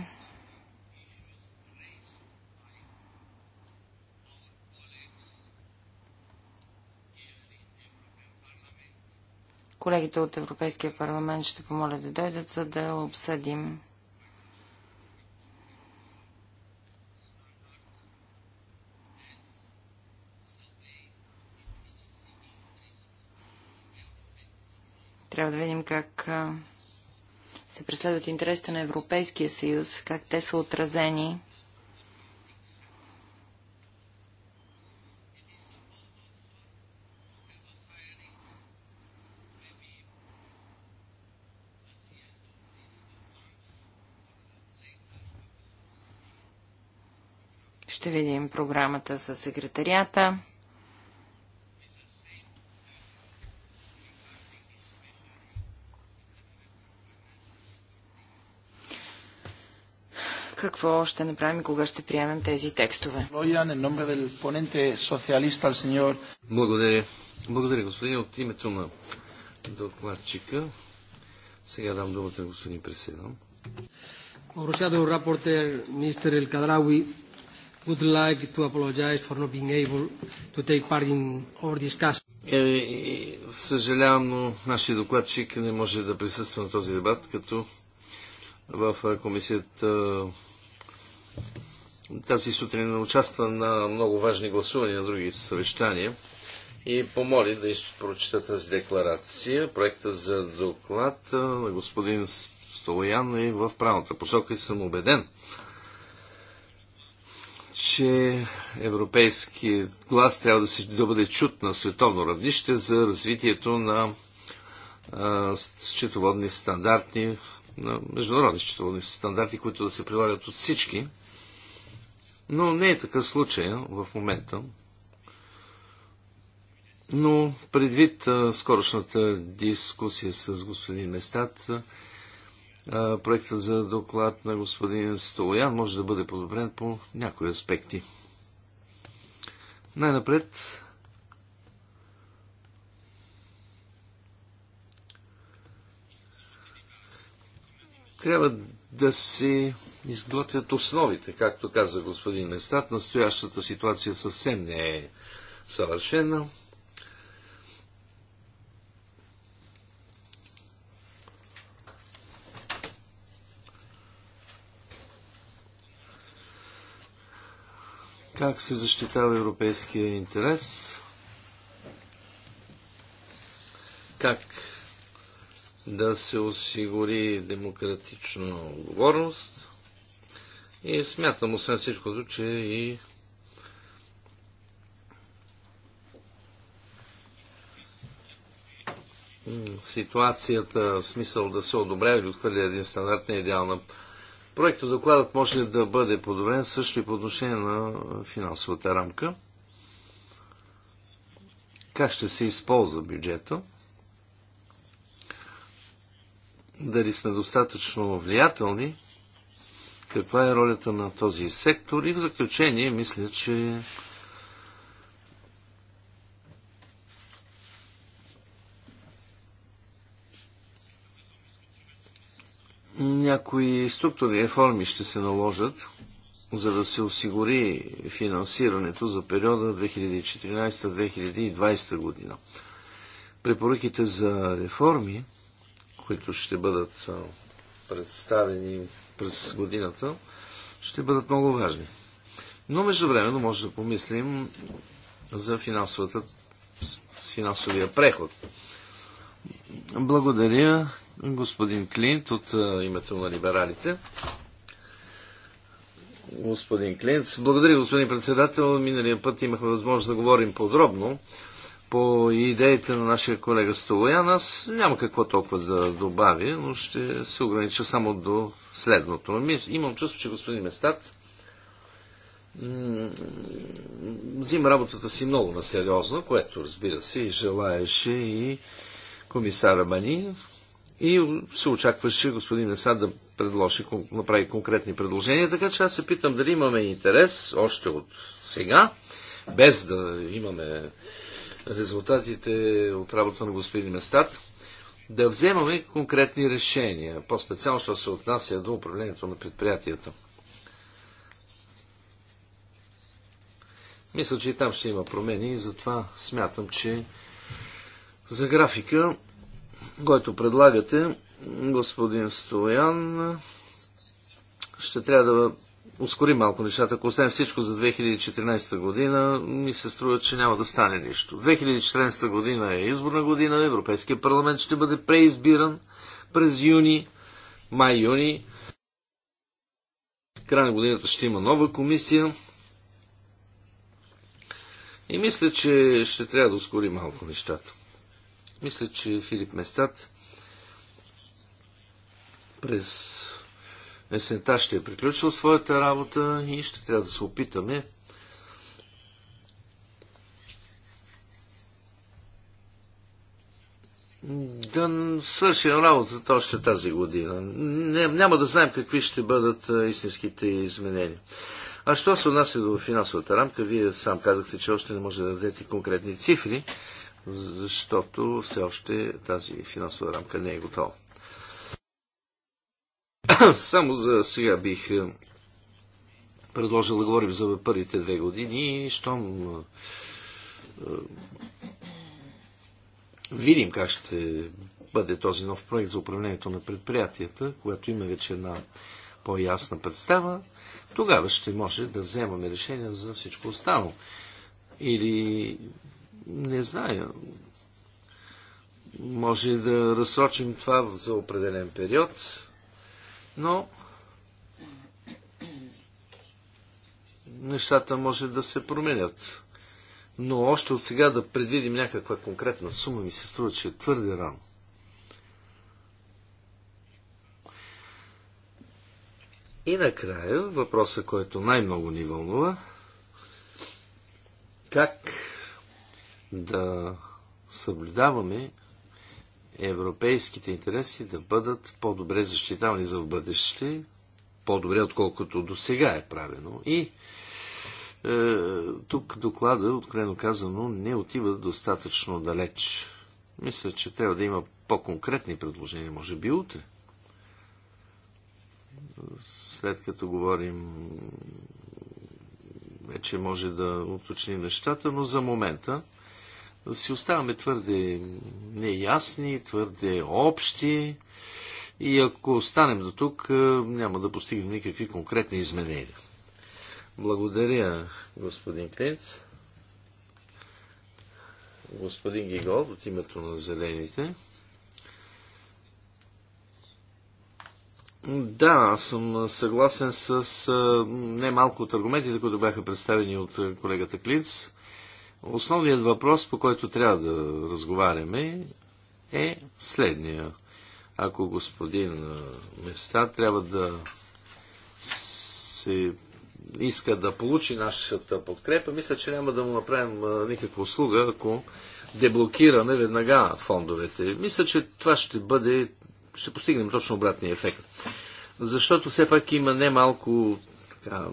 Колегите от Европейския парламент ще помоля да дойдат, за да обсъдим трябва да видим как се преследват интересите на Европейския съюз, как те са отразени Ще видим програмата със секретарията. какво ще направим и кога ще приемем тези текстове. Благодаря. Благодаря, господин. От името на докладчика, сега дам думата на господин Преседан. Обращадо рапортер, министър Елкадрауи would like to apologize for not being able to take part in our discussion. Е, е, съжалявам, но нашия докладчик не може да присъства на този дебат, като в комисията тази сутрин участва на много важни гласувания на други съвещания и помоли да прочита тази декларация, проекта за доклад на господин Столоян е в правилната посока и съм убеден, че европейският глас трябва да, се, да бъде чут на световно равнище за развитието на счетоводни стандарти, на международни счетоводни стандарти, които да се прилагат от всички. Но не е така случая в момента. Но предвид а, скорошната дискусия с господин Местат, Проекта за доклад на господин Столоян може да бъде подобрен по някои аспекти. Най-напред трябва да се изготвят основите, както каза господин Местат. Настоящата ситуация съвсем не е съвършена. как се защитава европейския интерес, как да се осигури демократична отговорност и смятам, освен всичкото, че и ситуацията, в смисъл да се одобря или отхвърля един стандарт не е идеална. Проекто докладът може да бъде подобрен също и по отношение на финансовата рамка. Как ще се използва бюджета? Дали сме достатъчно влиятелни? Каква е ролята на този сектор? И в заключение мисля, че някои структурни реформи ще се наложат, за да се осигури финансирането за периода 2014-2020 година. Препоръките за реформи, които ще бъдат представени през годината, ще бъдат много важни. Но междувременно може да помислим за финансовата, финансовия преход. Благодаря, господин Клинт от името на либералите. Господин Клинт, благодаря, господин председател. Миналия път имахме възможност да говорим подробно по идеите на нашия колега Столоян. Аз няма какво толкова да добавя, но ще се огранича само до следното. Имам чувство, че господин Местат взима работата си много насериозно, което разбира се и желаеше и комисара Бани. И се очакваше господин Есад да предложи, направи конкретни предложения, така че аз се питам дали имаме интерес още от сега, без да имаме резултатите от работа на господин Местат, да вземаме конкретни решения, по-специално, що се отнася до управлението на предприятията. Мисля, че и там ще има промени и затова смятам, че за графика който предлагате, господин Стоян, ще трябва да ускори малко нещата. Ако оставим всичко за 2014 година, ми се струва, че няма да стане нищо. 2014 година е изборна година, Европейския парламент ще бъде преизбиран през юни, май-юни. Край на годината ще има нова комисия. И мисля, че ще трябва да ускори малко нещата. Мисля, че Филип Местат през есента ще е приключил своята работа и ще трябва да се опитаме да свършим работата още тази година. Не, няма да знаем какви ще бъдат истинските изменения. А що се отнася до финансовата рамка, вие сам казахте, че още не може да дадете конкретни цифри защото все още тази финансова рамка не е готова. Само за сега бих е, предложил да говорим за първите две години и щом е, е, видим как ще бъде този нов проект за управлението на предприятията, когато има вече една по-ясна представа, тогава ще може да вземаме решение за всичко останало. Или не знаю. Може да разсрочим това за определен период, но нещата може да се променят. Но още от сега да предвидим някаква конкретна сума ми се струва, че е твърде рано. И накрая въпроса, който най-много ни вълнува. Как да съблюдаваме европейските интереси да бъдат по-добре защитавани за в бъдеще, по-добре отколкото до сега е правено. И е, тук доклада, откровено казано, не отива достатъчно далеч. Мисля, че трябва да има по-конкретни предложения, може би утре. След като говорим, вече може да уточним нещата, но за момента си оставаме твърде неясни, твърде общи и ако останем до тук, е, няма да постигнем никакви конкретни изменения. Благодаря, господин Клинц. Господин Гигол, от името на Зелените. Да, аз съм съгласен с е, немалко от аргументите, които бяха представени от колегата Клинц. Основният въпрос, по който трябва да разговаряме, е следния. Ако господин Места трябва да се иска да получи нашата подкрепа, мисля, че няма да му направим никаква услуга, ако деблокираме веднага фондовете. Мисля, че това ще бъде, ще постигнем точно обратния ефект. Защото все пак има немалко така,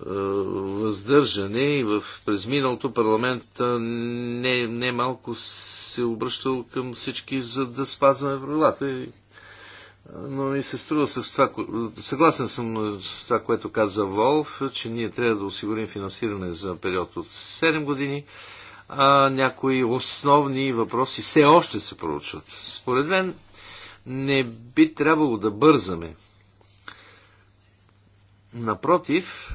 е, въздържане и в, през миналото парламент не, не малко се обръщал към всички, за да спазваме правилата. Е, но ми се струва с това, съгласен съм с това, което каза Волф, че ние трябва да осигурим финансиране за период от 7 години, а някои основни въпроси все още се проучват. Според мен не би трябвало да бързаме. Напротив,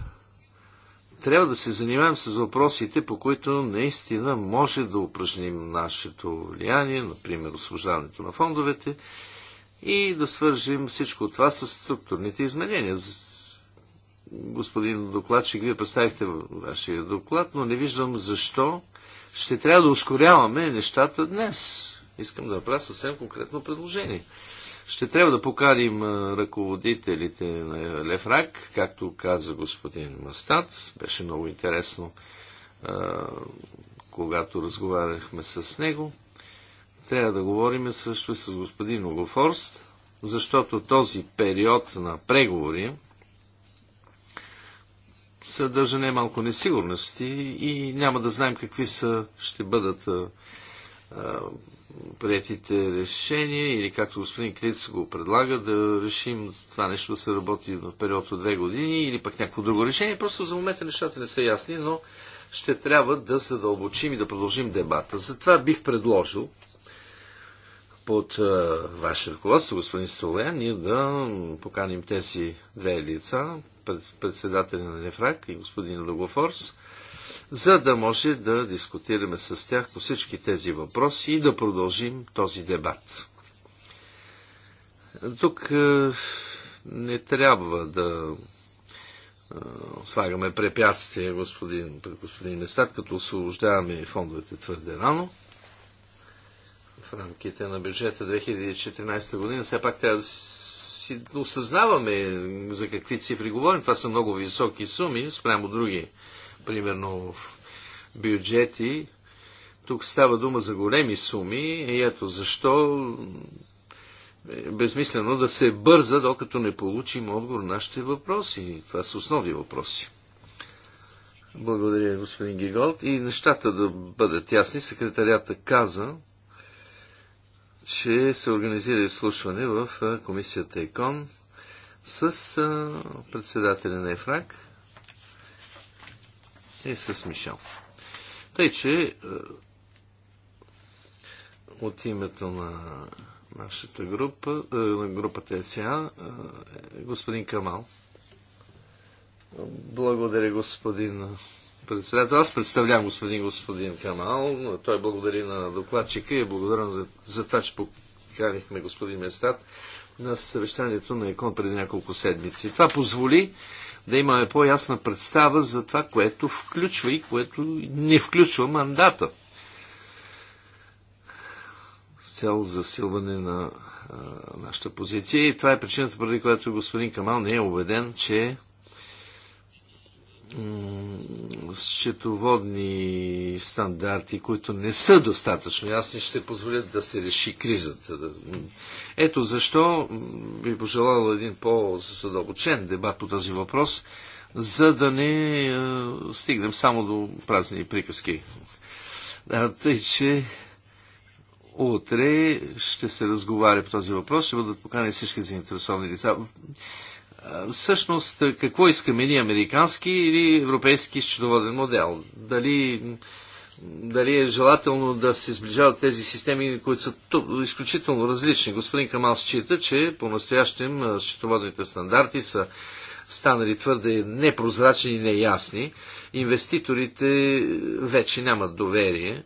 трябва да се занимаем с въпросите, по които наистина може да упражним нашето влияние, например освобождаването на фондовете и да свържим всичко това с структурните изменения. Господин докладчик, вие представихте вашия доклад, но не виждам защо ще трябва да ускоряваме нещата днес. Искам да направя съвсем конкретно предложение. Ще трябва да покарим ръководителите на Лефрак, както каза господин Мастат. Беше много интересно, когато разговаряхме с него. Трябва да говорим също и с господин Огофорст, защото този период на преговори съдържа немалко несигурности и няма да знаем какви са, ще бъдат приятите решения или както господин Криц го предлага, да решим това нещо да се работи в период от две години или пък някакво друго решение. Просто за момента нещата не са ясни, но ще трябва да задълбочим и да продължим дебата. Затова бих предложил под а, ваше ръководство, господин Столен, ние да поканим тези две лица, председателя на Нефрак и господин Логофорс, за да може да дискутираме с тях по всички тези въпроси и да продължим този дебат. Тук е, не трябва да е, слагаме препятствия, господин, господин Местат, като освобождаваме фондовете твърде рано. В рамките на бюджета 2014 година все пак трябва да си осъзнаваме за какви цифри говорим. Това са много високи суми спрямо други примерно в бюджети. Тук става дума за големи суми и ето защо е безмислено да се бърза, докато не получим отговор на нашите въпроси. Това са основни въпроси. Благодаря, господин Гиголд. И нещата да бъдат ясни. Секретарията каза, че се организира изслушване в комисията ЕКОН с председателя на ЕФРАК – е с Мишел. Тъй, че е, от името на нашата група, е, на групата ЕСА, е, господин Камал. Благодаря, господин председател. Аз представлявам господин господин Камал. Той благодари на докладчика и е благодарен за, за това, че поканихме господин Местат на съвещанието на ЕКОН преди няколко седмици. Това позволи да имаме по-ясна представа за това, което включва и което не включва мандата. С цел засилване на а, нашата позиция. И това е причината, поради която господин Камал не е убеден, че счетоводни стандарти, които не са достатъчно ясни, ще позволят да се реши кризата. Ето защо би пожелал един по-задълбочен дебат по този въпрос, за да не стигнем само до празни приказки. А, тъй, че утре ще се разговаря по този въпрос, ще бъдат поканени всички заинтересовани лица всъщност какво искаме ние, американски или европейски счетоводен модел? Дали, дали е желателно да се сближават тези системи, които са изключително различни? Господин Камал счита, че по-настоящем счетоводните стандарти са станали твърде непрозрачни и неясни. Инвеститорите вече нямат доверие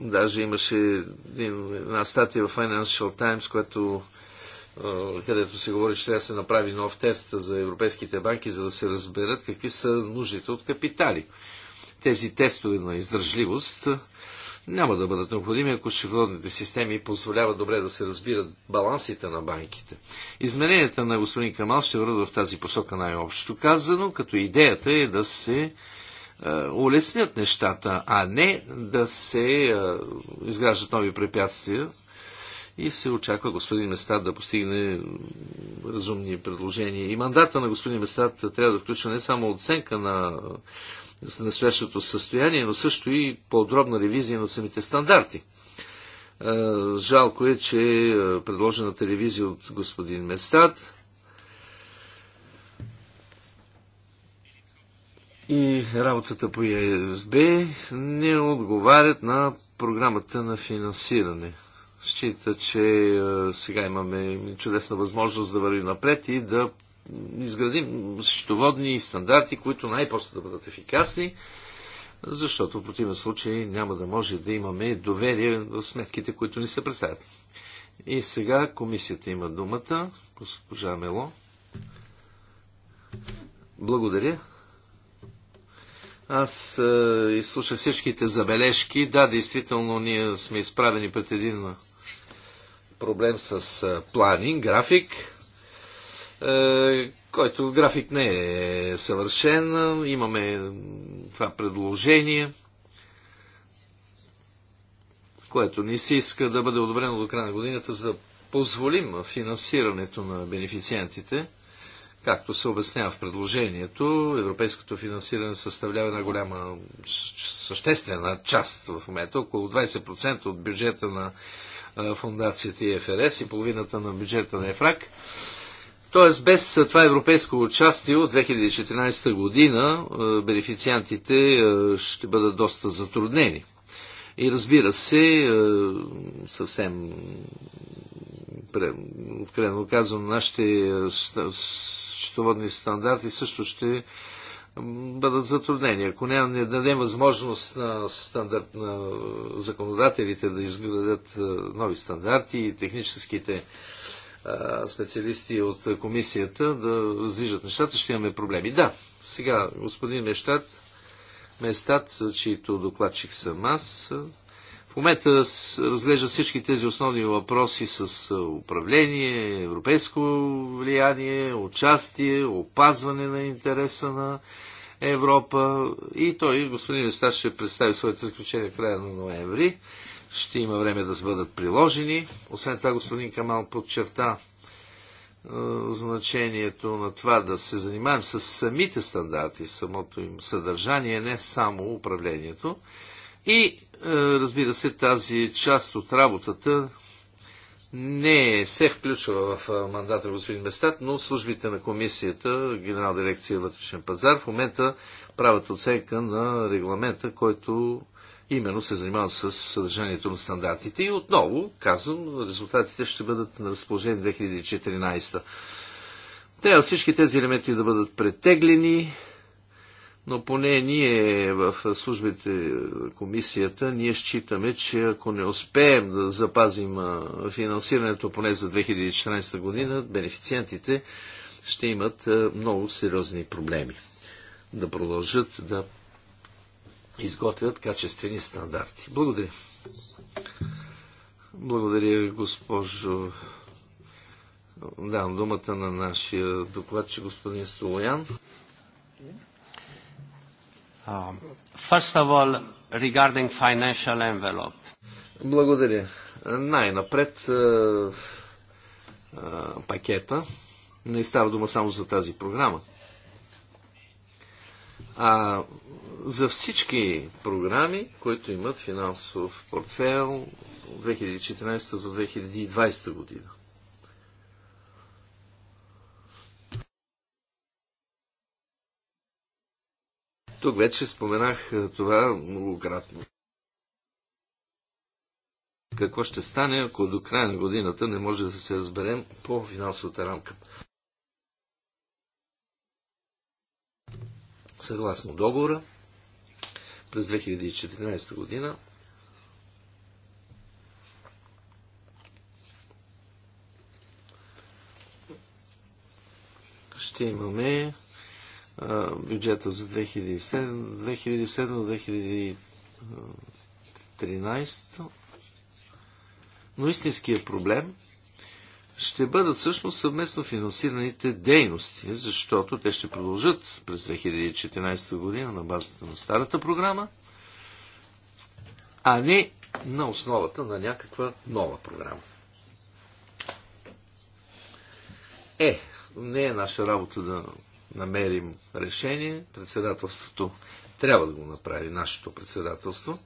Даже имаше една статия в Financial Times, която където се говори, че трябва да се направи нов тест за европейските банки, за да се разберат какви са нуждите от капитали. Тези тестове на издържливост няма да бъдат необходими, ако счетоводните системи позволяват добре да се разбират балансите на банките. Измененията на господин Камал ще върват в тази посока най-общо казано, като идеята е да се улеснят нещата, а не да се изграждат нови препятствия и се очаква господин Местат да постигне разумни предложения. И мандата на господин Местат трябва да включва не само оценка на настоящото състояние, но също и подробна ревизия на самите стандарти. Жалко е, че предложената ревизия от господин Местат и работата по ЕСБ не отговарят на програмата на финансиране счита, че е, сега имаме чудесна възможност да вървим напред и да изградим счетоводни стандарти, които най-после да бъдат ефикасни, защото в противен случай няма да може да имаме доверие в сметките, които ни се представят. И сега комисията има думата. Госпожа Мело. Благодаря. Аз е, изслушах всичките забележки. Да, действително, ние сме изправени пред един проблем с планинг, график, е, който график не е съвършен. Имаме това предложение, което ни се иска да бъде одобрено до края на годината, за да позволим финансирането на бенефициентите. Както се обяснява в предложението, европейското финансиране съставлява една голяма съществена част в момента, около 20% от бюджета на фундацията ИФРС и половината на бюджета на ЕФРАК. Тоест, без това европейско участие от 2014 година бенефициантите ще бъдат доста затруднени. И разбира се, съвсем откровено казвам, нашите счетоводни стандарти също ще бъдат затруднени. Ако не, не дадем възможност на, стандарт, на законодателите да изградят е, нови стандарти и техническите е, специалисти от комисията да раздвижат нещата, ще имаме проблеми. Да, сега господин Мештат, Местат, чието докладчик съм аз, в момента разглежда всички тези основни въпроси с управление, европейско влияние, участие, опазване на интереса на Европа. И той, господин Лестар, ще представи своите заключения в края на ноември. Ще има време да бъдат приложени. Освен това, господин Камал подчерта значението на това да се занимаем с самите стандарти, самото им съдържание, не само управлението. И е, разбира се, тази част от работата не е се е включва в мандата на господин Местат, но службите на комисията, Генерална дирекция вътрешен пазар, в момента правят оценка на регламента, който именно се занимава с съдържанието на стандартите. И отново, казвам, резултатите ще бъдат на разположение 2014. Трябва всички тези елементи да бъдат претеглени, но поне ние в службите, комисията, ние считаме, че ако не успеем да запазим финансирането поне за 2014 година, бенефициентите ще имат много сериозни проблеми да продължат да изготвят качествени стандарти. Благодаря. Благодаря, госпожо. Давам думата на нашия докладчик, господин Столоян first of all, regarding financial envelope. Благодаря. Най-напред е, е, пакета. Не става дума само за тази програма. А за всички програми, които имат финансов портфел 2014 до 2020 година. Тук вече споменах е, това многократно. Какво ще стане, ако до края на годината не може да се разберем по финансовата рамка? Съгласно договора, през 2014 година ще имаме бюджета за 2007-2013. Но истинският проблем ще бъдат всъщност съвместно финансираните дейности, защото те ще продължат през 2014 година на базата на старата програма, а не на основата на някаква нова програма. Е, не е наша работа да намерим решение. Председателството трябва да го направи, нашето председателство.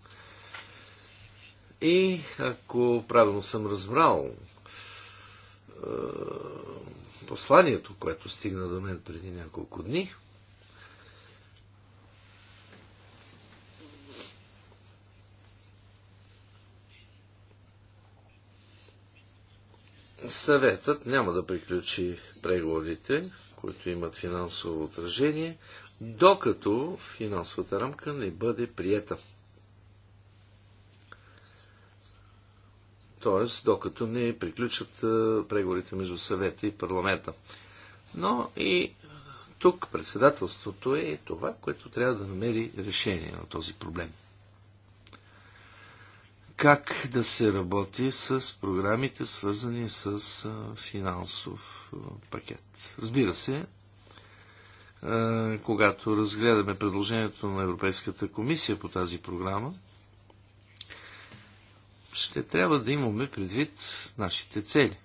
И ако правилно съм разбрал е, посланието, което стигна до мен преди няколко дни, съветът няма да приключи преговорите които имат финансово отражение, докато финансовата рамка не бъде приета. Тоест, докато не приключат преговорите между съвета и парламента. Но и тук председателството е това, което трябва да намери решение на този проблем. Как да се работи с програмите, свързани с финансов пакет. Разбира се, когато разгледаме предложението на Европейската комисия по тази програма, ще трябва да имаме предвид нашите цели.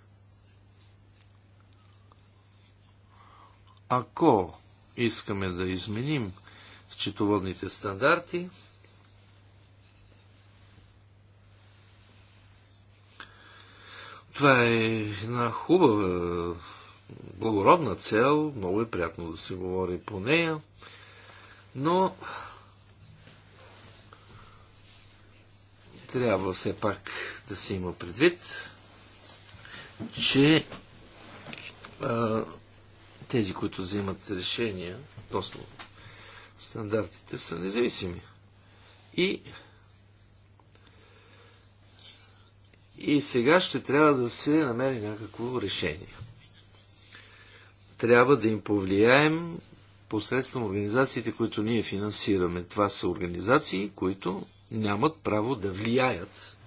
Ако искаме да изменим счетоводните стандарти, това е една хубава благородна цел, много е приятно да се говори по нея, но трябва все пак да се има предвид, че а, тези, които взимат решения относно стандартите, са независими. И, и сега ще трябва да се намери някакво решение трябва да им повлияем посредством организациите, които ние финансираме. Това са организации, които нямат право да влияят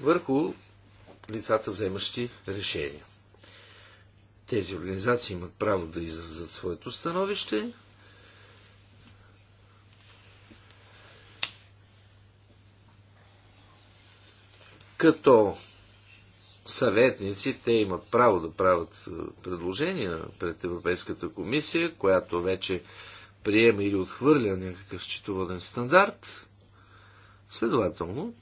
върху лицата, вземащи решения. Тези организации имат право да изразят своето становище. Като съветници, те имат право да правят е, предложения пред Европейската комисия, която вече приема или отхвърля някакъв счетоводен стандарт. Следователно,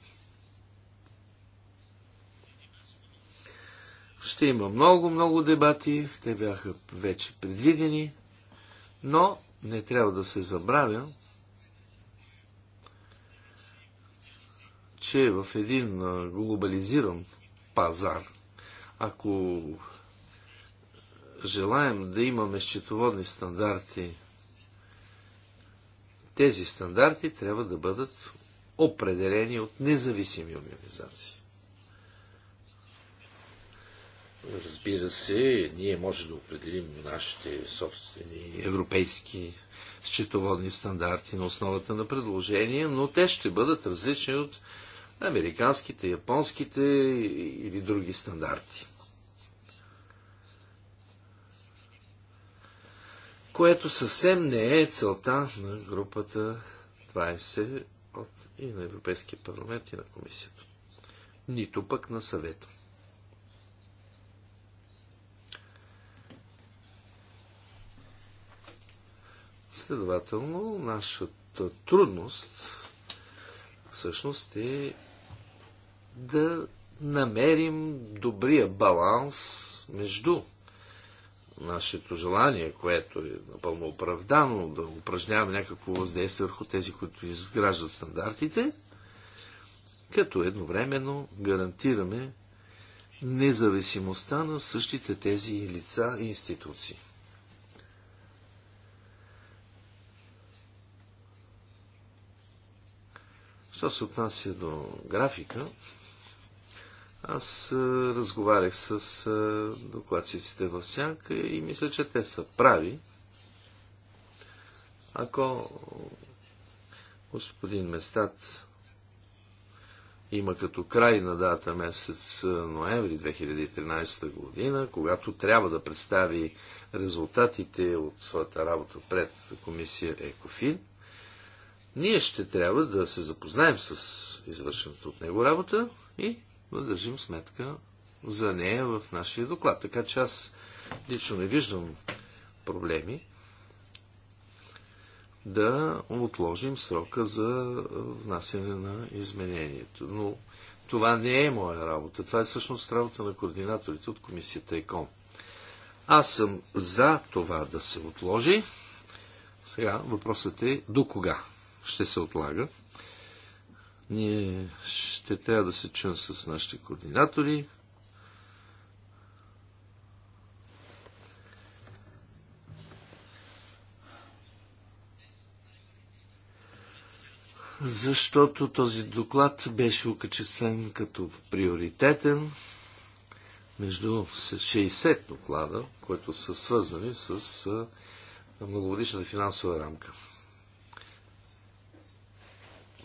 ще има много, много дебати. Те бяха вече предвидени, но не трябва да се забравя, че в един е, глобализиран пазар. Ако желаем да имаме счетоводни стандарти, тези стандарти трябва да бъдат определени от независими организации. Разбира се, ние може да определим нашите собствени европейски счетоводни стандарти на основата на предложения, но те ще бъдат различни от американските, японските или други стандарти. Което съвсем не е целта на групата 20 от и на Европейския парламент и на комисията. Нито пък на съвета. Следователно, нашата трудност всъщност е да намерим добрия баланс между нашето желание, което е напълно оправдано да упражняваме някакво въздействие върху тези, които изграждат стандартите, като едновременно гарантираме независимостта на същите тези лица и институции. Що се отнася до графика, аз разговарях с докладчиците в Сянка и мисля, че те са прави. Ако господин Местат има като край на дата месец ноември 2013 година, когато трябва да представи резултатите от своята работа пред комисия ЕКОФИН, ние ще трябва да се запознаем с извършената от него работа и да държим сметка за нея в нашия доклад. Така че аз лично не виждам проблеми да отложим срока за внасяне на изменението. Но това не е моя работа. Това е всъщност работа на координаторите от комисията ЕКОМ. Аз съм за това да се отложи. Сега въпросът е до кога ще се отлага. Ние ще трябва да се чуем с нашите координатори. Защото този доклад беше окачествен като приоритетен между 60 доклада, които са свързани с многогодишната финансова рамка.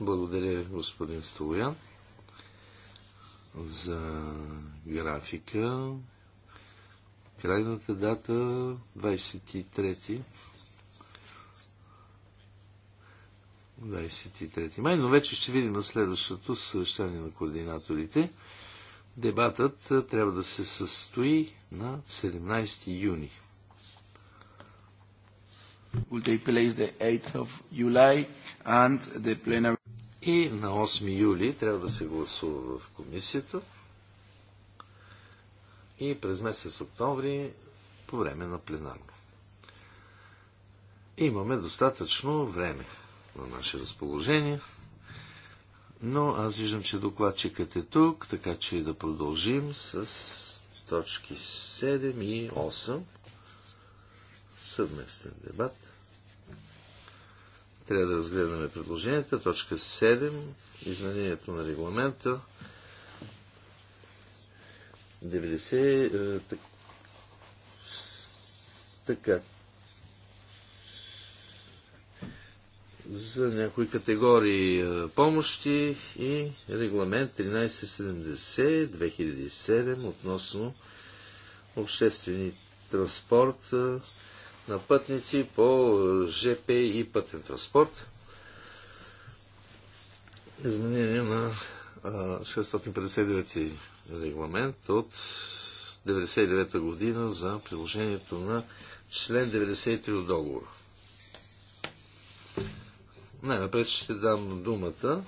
Благодаря, господин Столоян, за графика. Крайната дата 23 23 май, но вече ще видим на следващото съвещание на координаторите. Дебатът трябва да се състои на 17 юни. Will take place the 8th of July and the plenary и на 8 юли трябва да се гласува в комисията. И през месец октомври по време на пленарно. Имаме достатъчно време на наше разположение. Но аз виждам, че докладчикът е тук, така че да продължим с точки 7 и 8. Съвместен дебат. Трябва да разгледаме предложенията. Точка 7. Изменението на регламента. 90. Е, така. За някои категории е, помощи и регламент 1370-2007 относно обществени транспорт е, на пътници по ЖП и пътен транспорт. Изменение на 659 регламент от 1999 година за приложението на член 93 от договора. Най-напред ще дам думата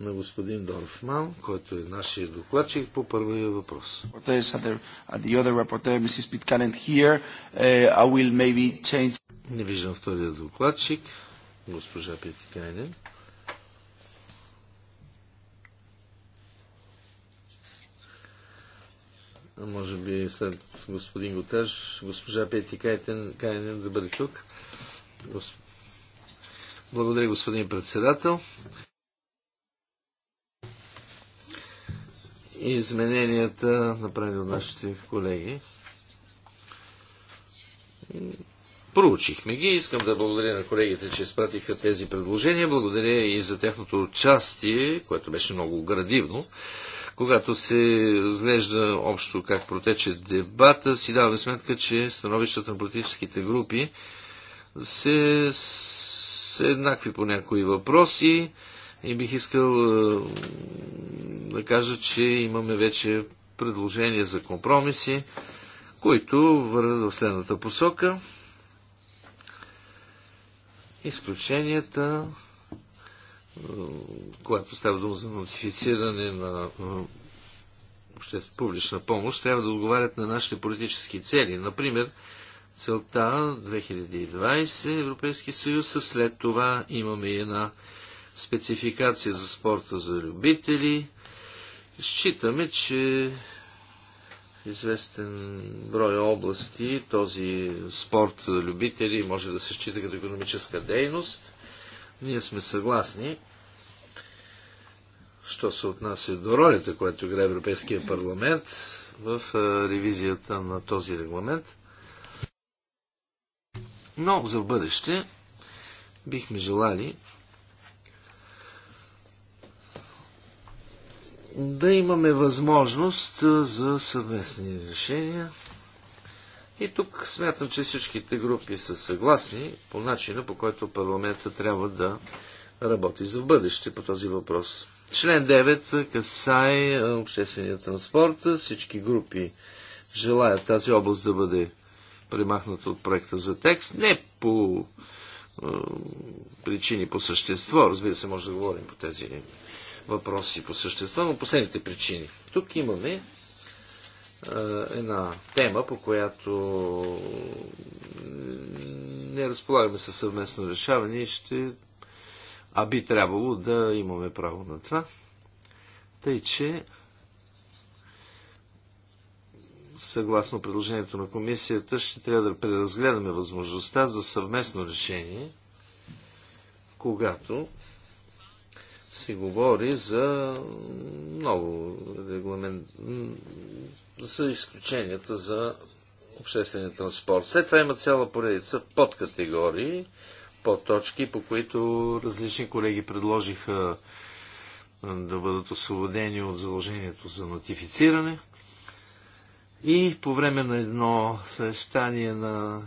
на господин Дорфман, който е нашия докладчик по първия въпрос. Uh, Не виждам втория докладчик, госпожа Петикайнен. може би след господин Готеж, госпожа Пети Кайнен да бъде тук. Благодаря, господин председател. и измененията, направени от нашите колеги. Проучихме ги. Искам да благодаря на колегите, че изпратиха тези предложения. Благодаря и за тяхното участие, което беше много градивно. Когато се разглежда общо как протече дебата, си даваме сметка, че становищата на политическите групи се, се еднакви по някои въпроси. И бих искал е, да кажа, че имаме вече предложения за компромиси, които върват в следната посока. Изключенията, е, когато става дума за нотифициране на е, публична помощ, трябва да отговарят на нашите политически цели. Например, целта 2020 Европейски съюз, а след това имаме и една спецификация за спорта за любители. Считаме, че известен брой области този спорт за любители може да се счита като економическа дейност. Ние сме съгласни. Що се отнася до ролята, която играе Европейския парламент в ревизията на този регламент. Но за бъдеще бихме желали да имаме възможност за съвместни решения. И тук смятам, че всичките групи са съгласни по начина, по който парламента трябва да работи за бъдеще по този въпрос. Член 9 касае обществения транспорт. Всички групи желаят тази област да бъде премахната от проекта за текст. Не по е, причини, по същество. Разбира се, може да говорим по тези въпроси по същество, но последните причини. Тук имаме е, една тема, по която не разполагаме със съвместно решаване и ще... А би трябвало да имаме право на това. Тъй, че съгласно предложението на комисията, ще трябва да преразгледаме възможността за съвместно решение, когато се говори за много регламент, за изключенията за обществения транспорт. След това има цяла поредица подкатегории, подточки, по които различни колеги предложиха да бъдат освободени от заложението за нотифициране. И по време на едно съвещание на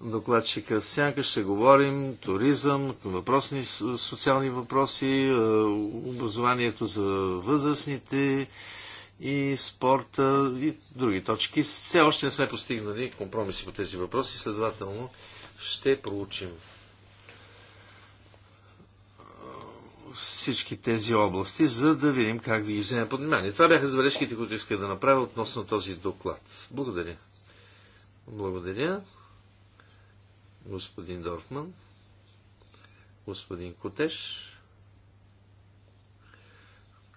докладчика Сянка ще говорим туризъм, въпросни, социални въпроси, е, образованието за възрастните и спорта и други точки. Все още не сме постигнали компромиси по тези въпроси, следователно ще проучим е, всички тези области, за да видим как да ги вземем под внимание. Това бяха забележките, които исках да направя относно този доклад. Благодаря. Благодаря господин Дорфман, господин Котеш,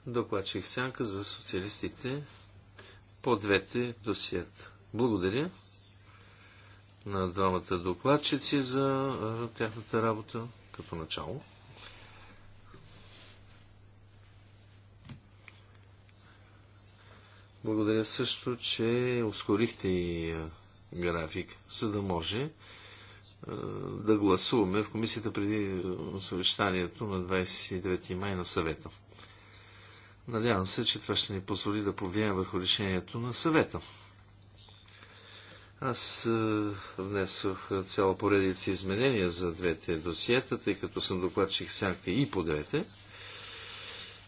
докладчик сянка за социалистите по двете досиета. Благодаря на двамата докладчици за тяхната работа като начало. Благодаря също, че ускорихте и график, за да може е, да гласуваме в комисията преди е, съвещанието на 29 май на съвета. Надявам се, че това ще ни позволи да повлияем върху решението на съвета. Аз е, внесох цяла поредица изменения за двете досиета, тъй като съм докладчик всяка и по двете.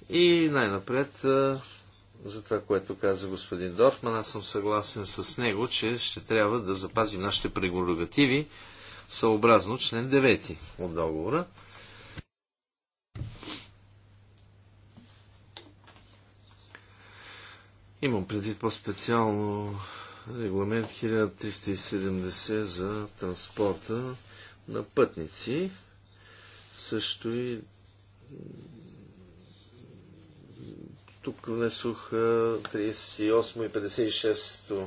И най-напред за това, което каза господин Дорфман, аз съм съгласен с него, че ще трябва да запазим нашите прерогативи съобразно член 9 от договора. Имам предвид по-специално регламент 1370 за транспорта на пътници, също и тук внесох 38 и 56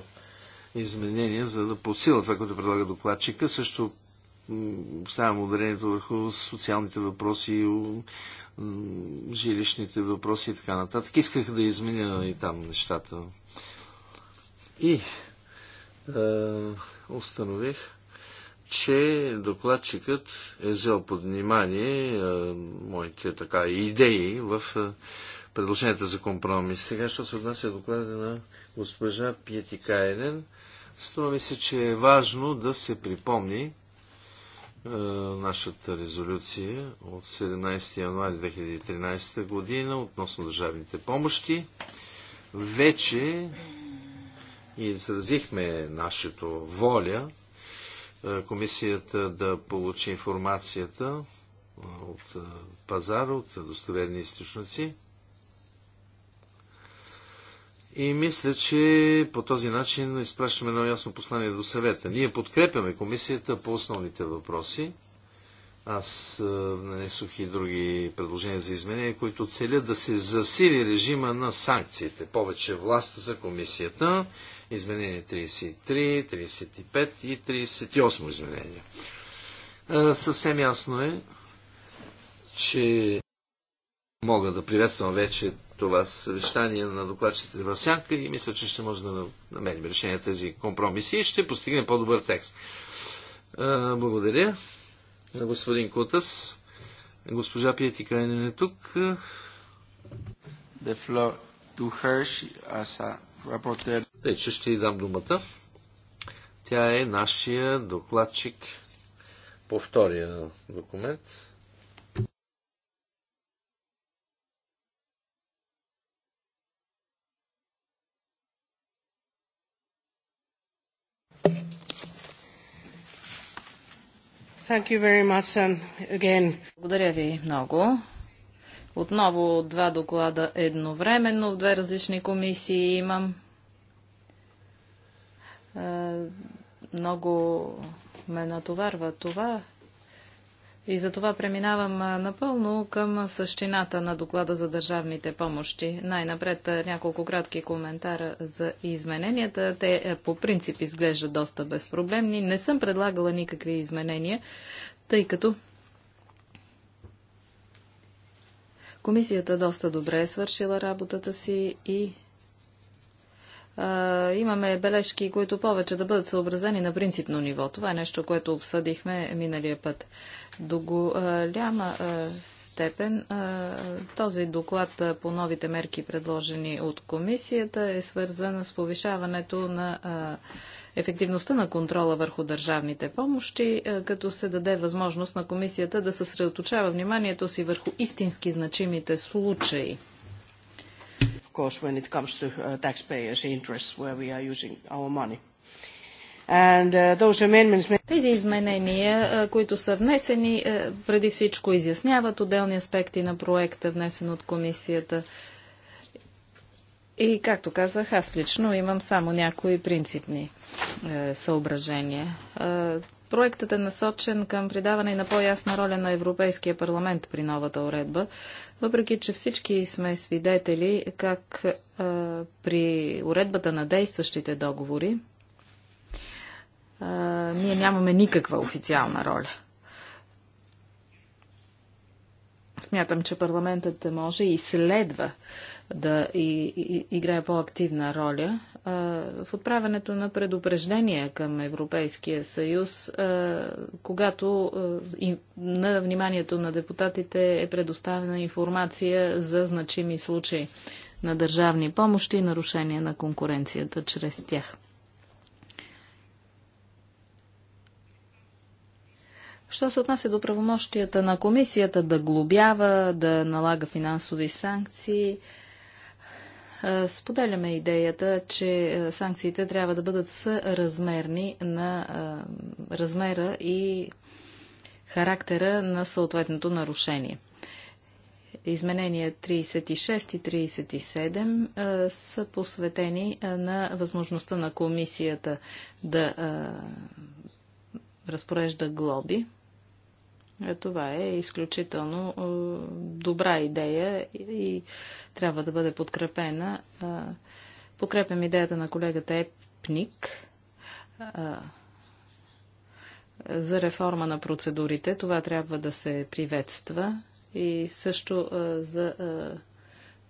изменения, за да подсила това, което предлага докладчика. Също Оставям ударението върху социалните въпроси, жилищните въпроси и така нататък. Исках да изменя и там нещата. И е, установих, че докладчикът е взел под внимание е, моите така идеи в е, предложенията за компромис. Сега, що се отнася доклада на госпожа Кайнен, струва ми се, че е важно да се припомни, е, нашата резолюция от 17 януари 2013 година относно държавните помощи. Вече изразихме нашето воля е, комисията да получи информацията е, от пазара, от достоверни източници. И мисля, че по този начин изпращаме едно ясно послание до съвета. Ние подкрепяме комисията по основните въпроси. Аз нанесох е, и други предложения за изменения, които целят да се засили режима на санкциите. Повече власт за комисията. Изменение 33, 35 и 38 изменения. Е, съвсем ясно е, че мога да приветствам вече това съвещание на докладчите в сянка и мисля, че ще може да намерим решение на тези компромиси и ще постигнем по-добър текст. Благодаря за господин Кутас. Госпожа Пиетикайнен е тук. The floor to her, as a Тъй, че ще й дам думата. Тя е нашия докладчик по втория документ. Благодаря ви много. Отново два доклада едновременно в две различни комисии имам. Е, много ме натоварва това. И за това преминавам напълно към същината на доклада за държавните помощи. Най-напред няколко кратки коментара за измененията. Те е, по принцип изглеждат доста безпроблемни. Не съм предлагала никакви изменения, тъй като комисията доста добре е свършила работата си и имаме бележки, които повече да бъдат съобразени на принципно ниво. Това е нещо, което обсъдихме миналия път. До голяма степен този доклад по новите мерки, предложени от комисията, е свързан с повишаването на ефективността на контрола върху държавните помощи, като се даде възможност на комисията да съсредоточава вниманието си върху истински значимите случаи of course, when it comes to uh, taxpayers' interests, where we are using our money. Uh, Тези изменения, е, които са внесени, е, преди всичко изясняват отделни аспекти на проекта, внесен от комисията. И, както казах, аз лично имам само някои принципни е, съображения. Проектът е насочен към придаване на по-ясна роля на Европейския парламент при новата уредба, въпреки че всички сме свидетели как а, при уредбата на действащите договори а, ние нямаме никаква официална роля. Смятам, че парламентът може и следва да и, и, играе по-активна роля в отправянето на предупреждения към Европейския съюз, когато на вниманието на депутатите е предоставена информация за значими случаи на държавни помощи и нарушение на конкуренцията чрез тях. Що се отнася до правомощията на комисията да глобява, да налага финансови санкции, Споделяме идеята, че санкциите трябва да бъдат съразмерни на размера и характера на съответното нарушение. Изменения 36 и 37 са посветени на възможността на комисията да разпорежда глоби това е изключително добра идея и трябва да бъде подкрепена. Подкрепям идеята на колегата Епник за реформа на процедурите. Това трябва да се приветства и също за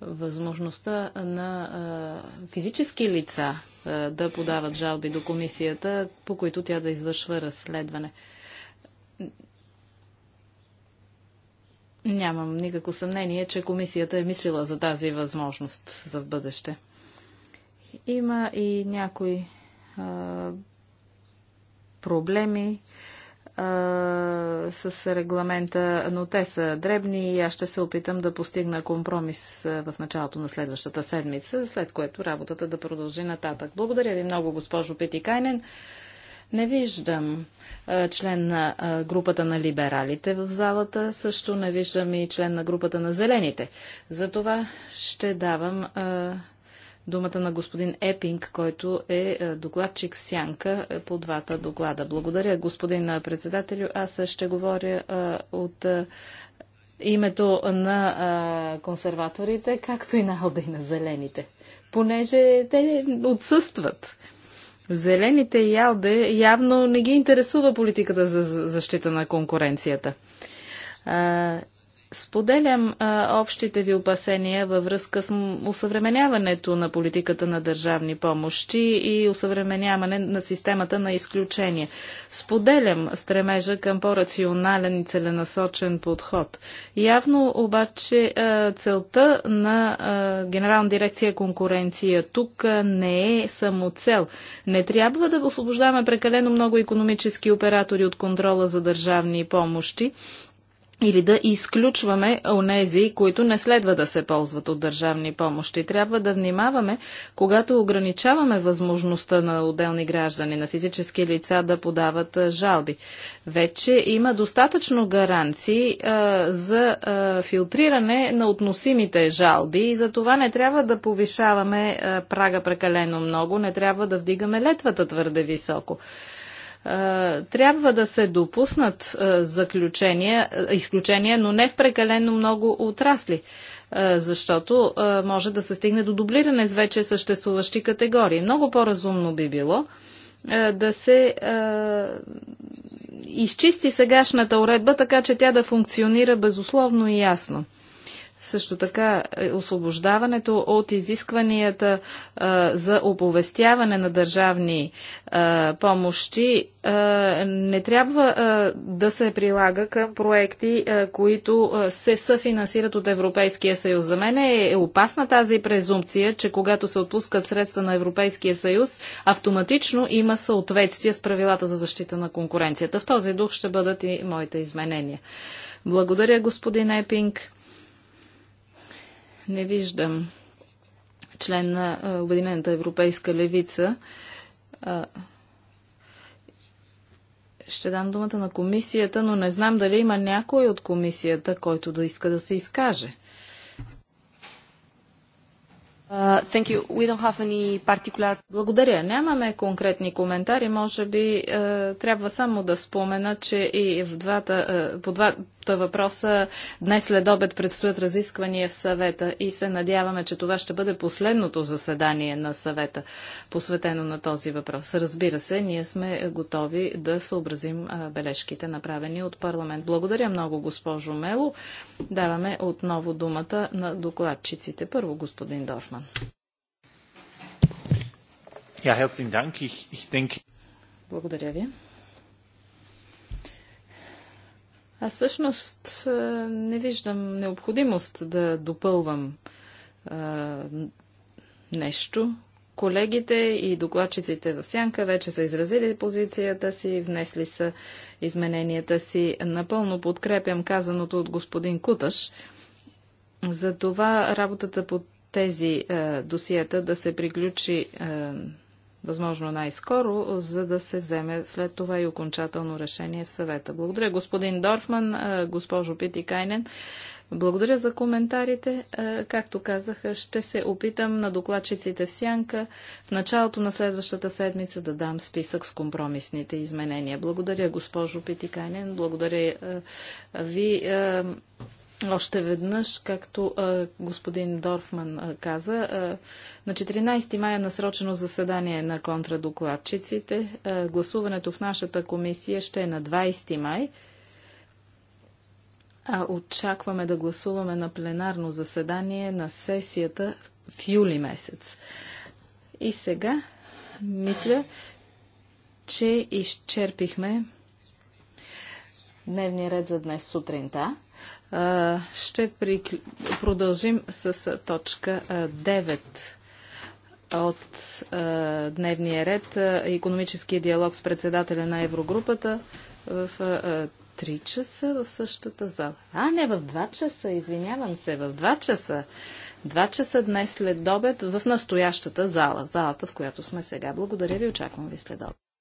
възможността на физически лица да подават жалби до комисията, по които тя да извършва разследване. Нямам никакво съмнение, че комисията е мислила за тази възможност за в бъдеще. Има и някои а, проблеми а, с регламента, но те са дребни и аз ще се опитам да постигна компромис в началото на следващата седмица, след което работата да продължи нататък. Благодаря ви много, госпожо Петикайнен. Не виждам член на групата на либералите в залата, също не виждам и член на групата на зелените. Затова ще давам думата на господин Епинг, който е докладчик в Сянка е, по двата доклада. Благодаря, господин председателю. Аз ще говоря от името на консерваторите, както и на Алда и на зелените, понеже те отсъстват. Зелените и Алде явно не ги интересува политиката за защита на конкуренцията. Споделям а, общите ви опасения във връзка с усъвременяването на политиката на държавни помощи и усъвременяване на системата на изключение. Споделям стремежа към по-рационален и целенасочен подход. Явно обаче а, целта на а, Генерална дирекция конкуренция тук а, не е само цел. Не трябва да освобождаваме прекалено много економически оператори от контрола за държавни помощи или да изключваме онези, които не следва да се ползват от държавни помощи. Трябва да внимаваме, когато ограничаваме възможността на отделни граждани, на физически лица да подават жалби. Вече има достатъчно гаранции а, за а, филтриране на относимите жалби и за това не трябва да повишаваме а, прага прекалено много, не трябва да вдигаме летвата твърде високо трябва да се допуснат заключения, изключения, но не в прекалено много отрасли, защото може да се стигне до дублиране с вече съществуващи категории. Много по-разумно би било да се изчисти сегашната уредба, така че тя да функционира безусловно и ясно. Също така, е, освобождаването от изискванията а, е, за оповестяване на държавни а, е, помощи а, не трябва да се прилага към проекти, които се съфинансират от Европейския съюз. За мен е опасна тази презумпция, че когато се отпускат средства на Европейския съюз, автоматично има съответствие с правилата за защита на конкуренцията. В този дух ще бъдат и моите изменения. Благодаря, господин Епинг не виждам член на Обединената европейска левица. Ще дам думата на комисията, но не знам дали има някой от комисията, който да иска да се изкаже. Uh, thank you. We don't have any particular... Благодаря. Нямаме конкретни коментари. Може би е, трябва само да спомена, че и в двата, е, по, два, въпроса. Днес след обед предстоят разисквания в съвета и се надяваме, че това ще бъде последното заседание на съвета, посветено на този въпрос. Разбира се, ние сме готови да съобразим бележките, направени от парламент. Благодаря много, госпожо Мело. Даваме отново думата на докладчиците. Първо, господин Дорфман. Благодаря ви. Аз всъщност не виждам необходимост да допълвам а, нещо. Колегите и докладчиците в Сянка вече са изразили позицията си, внесли са измененията си. Напълно подкрепям казаното от господин Куташ. За това работата по тези а, досията да се приключи възможно най-скоро, за да се вземе след това и окончателно решение в съвета. Благодаря, господин Дорфман, госпожо Пити Кайнен. Благодаря за коментарите. Както казах, ще се опитам на докладчиците в Сянка в началото на следващата седмица да дам списък с компромисните изменения. Благодаря, госпожо Питиканен. Благодаря ви. Още веднъж, както а, господин Дорфман а, каза, а, на 14 мая е насрочено заседание на контрадокладчиците. А, гласуването в нашата комисия ще е на 20 май. А, очакваме да гласуваме на пленарно заседание на сесията в юли месец. И сега мисля, че изчерпихме дневния ред за днес сутринта. Ще прикл... продължим с точка 9 от дневния ред. Економическия диалог с председателя на Еврогрупата в 3 часа в същата зала. А, не, в 2 часа, извинявам се, в 2 часа. 2 часа днес след обед в настоящата зала, залата, в която сме сега. Благодаря ви, очаквам ви след обед.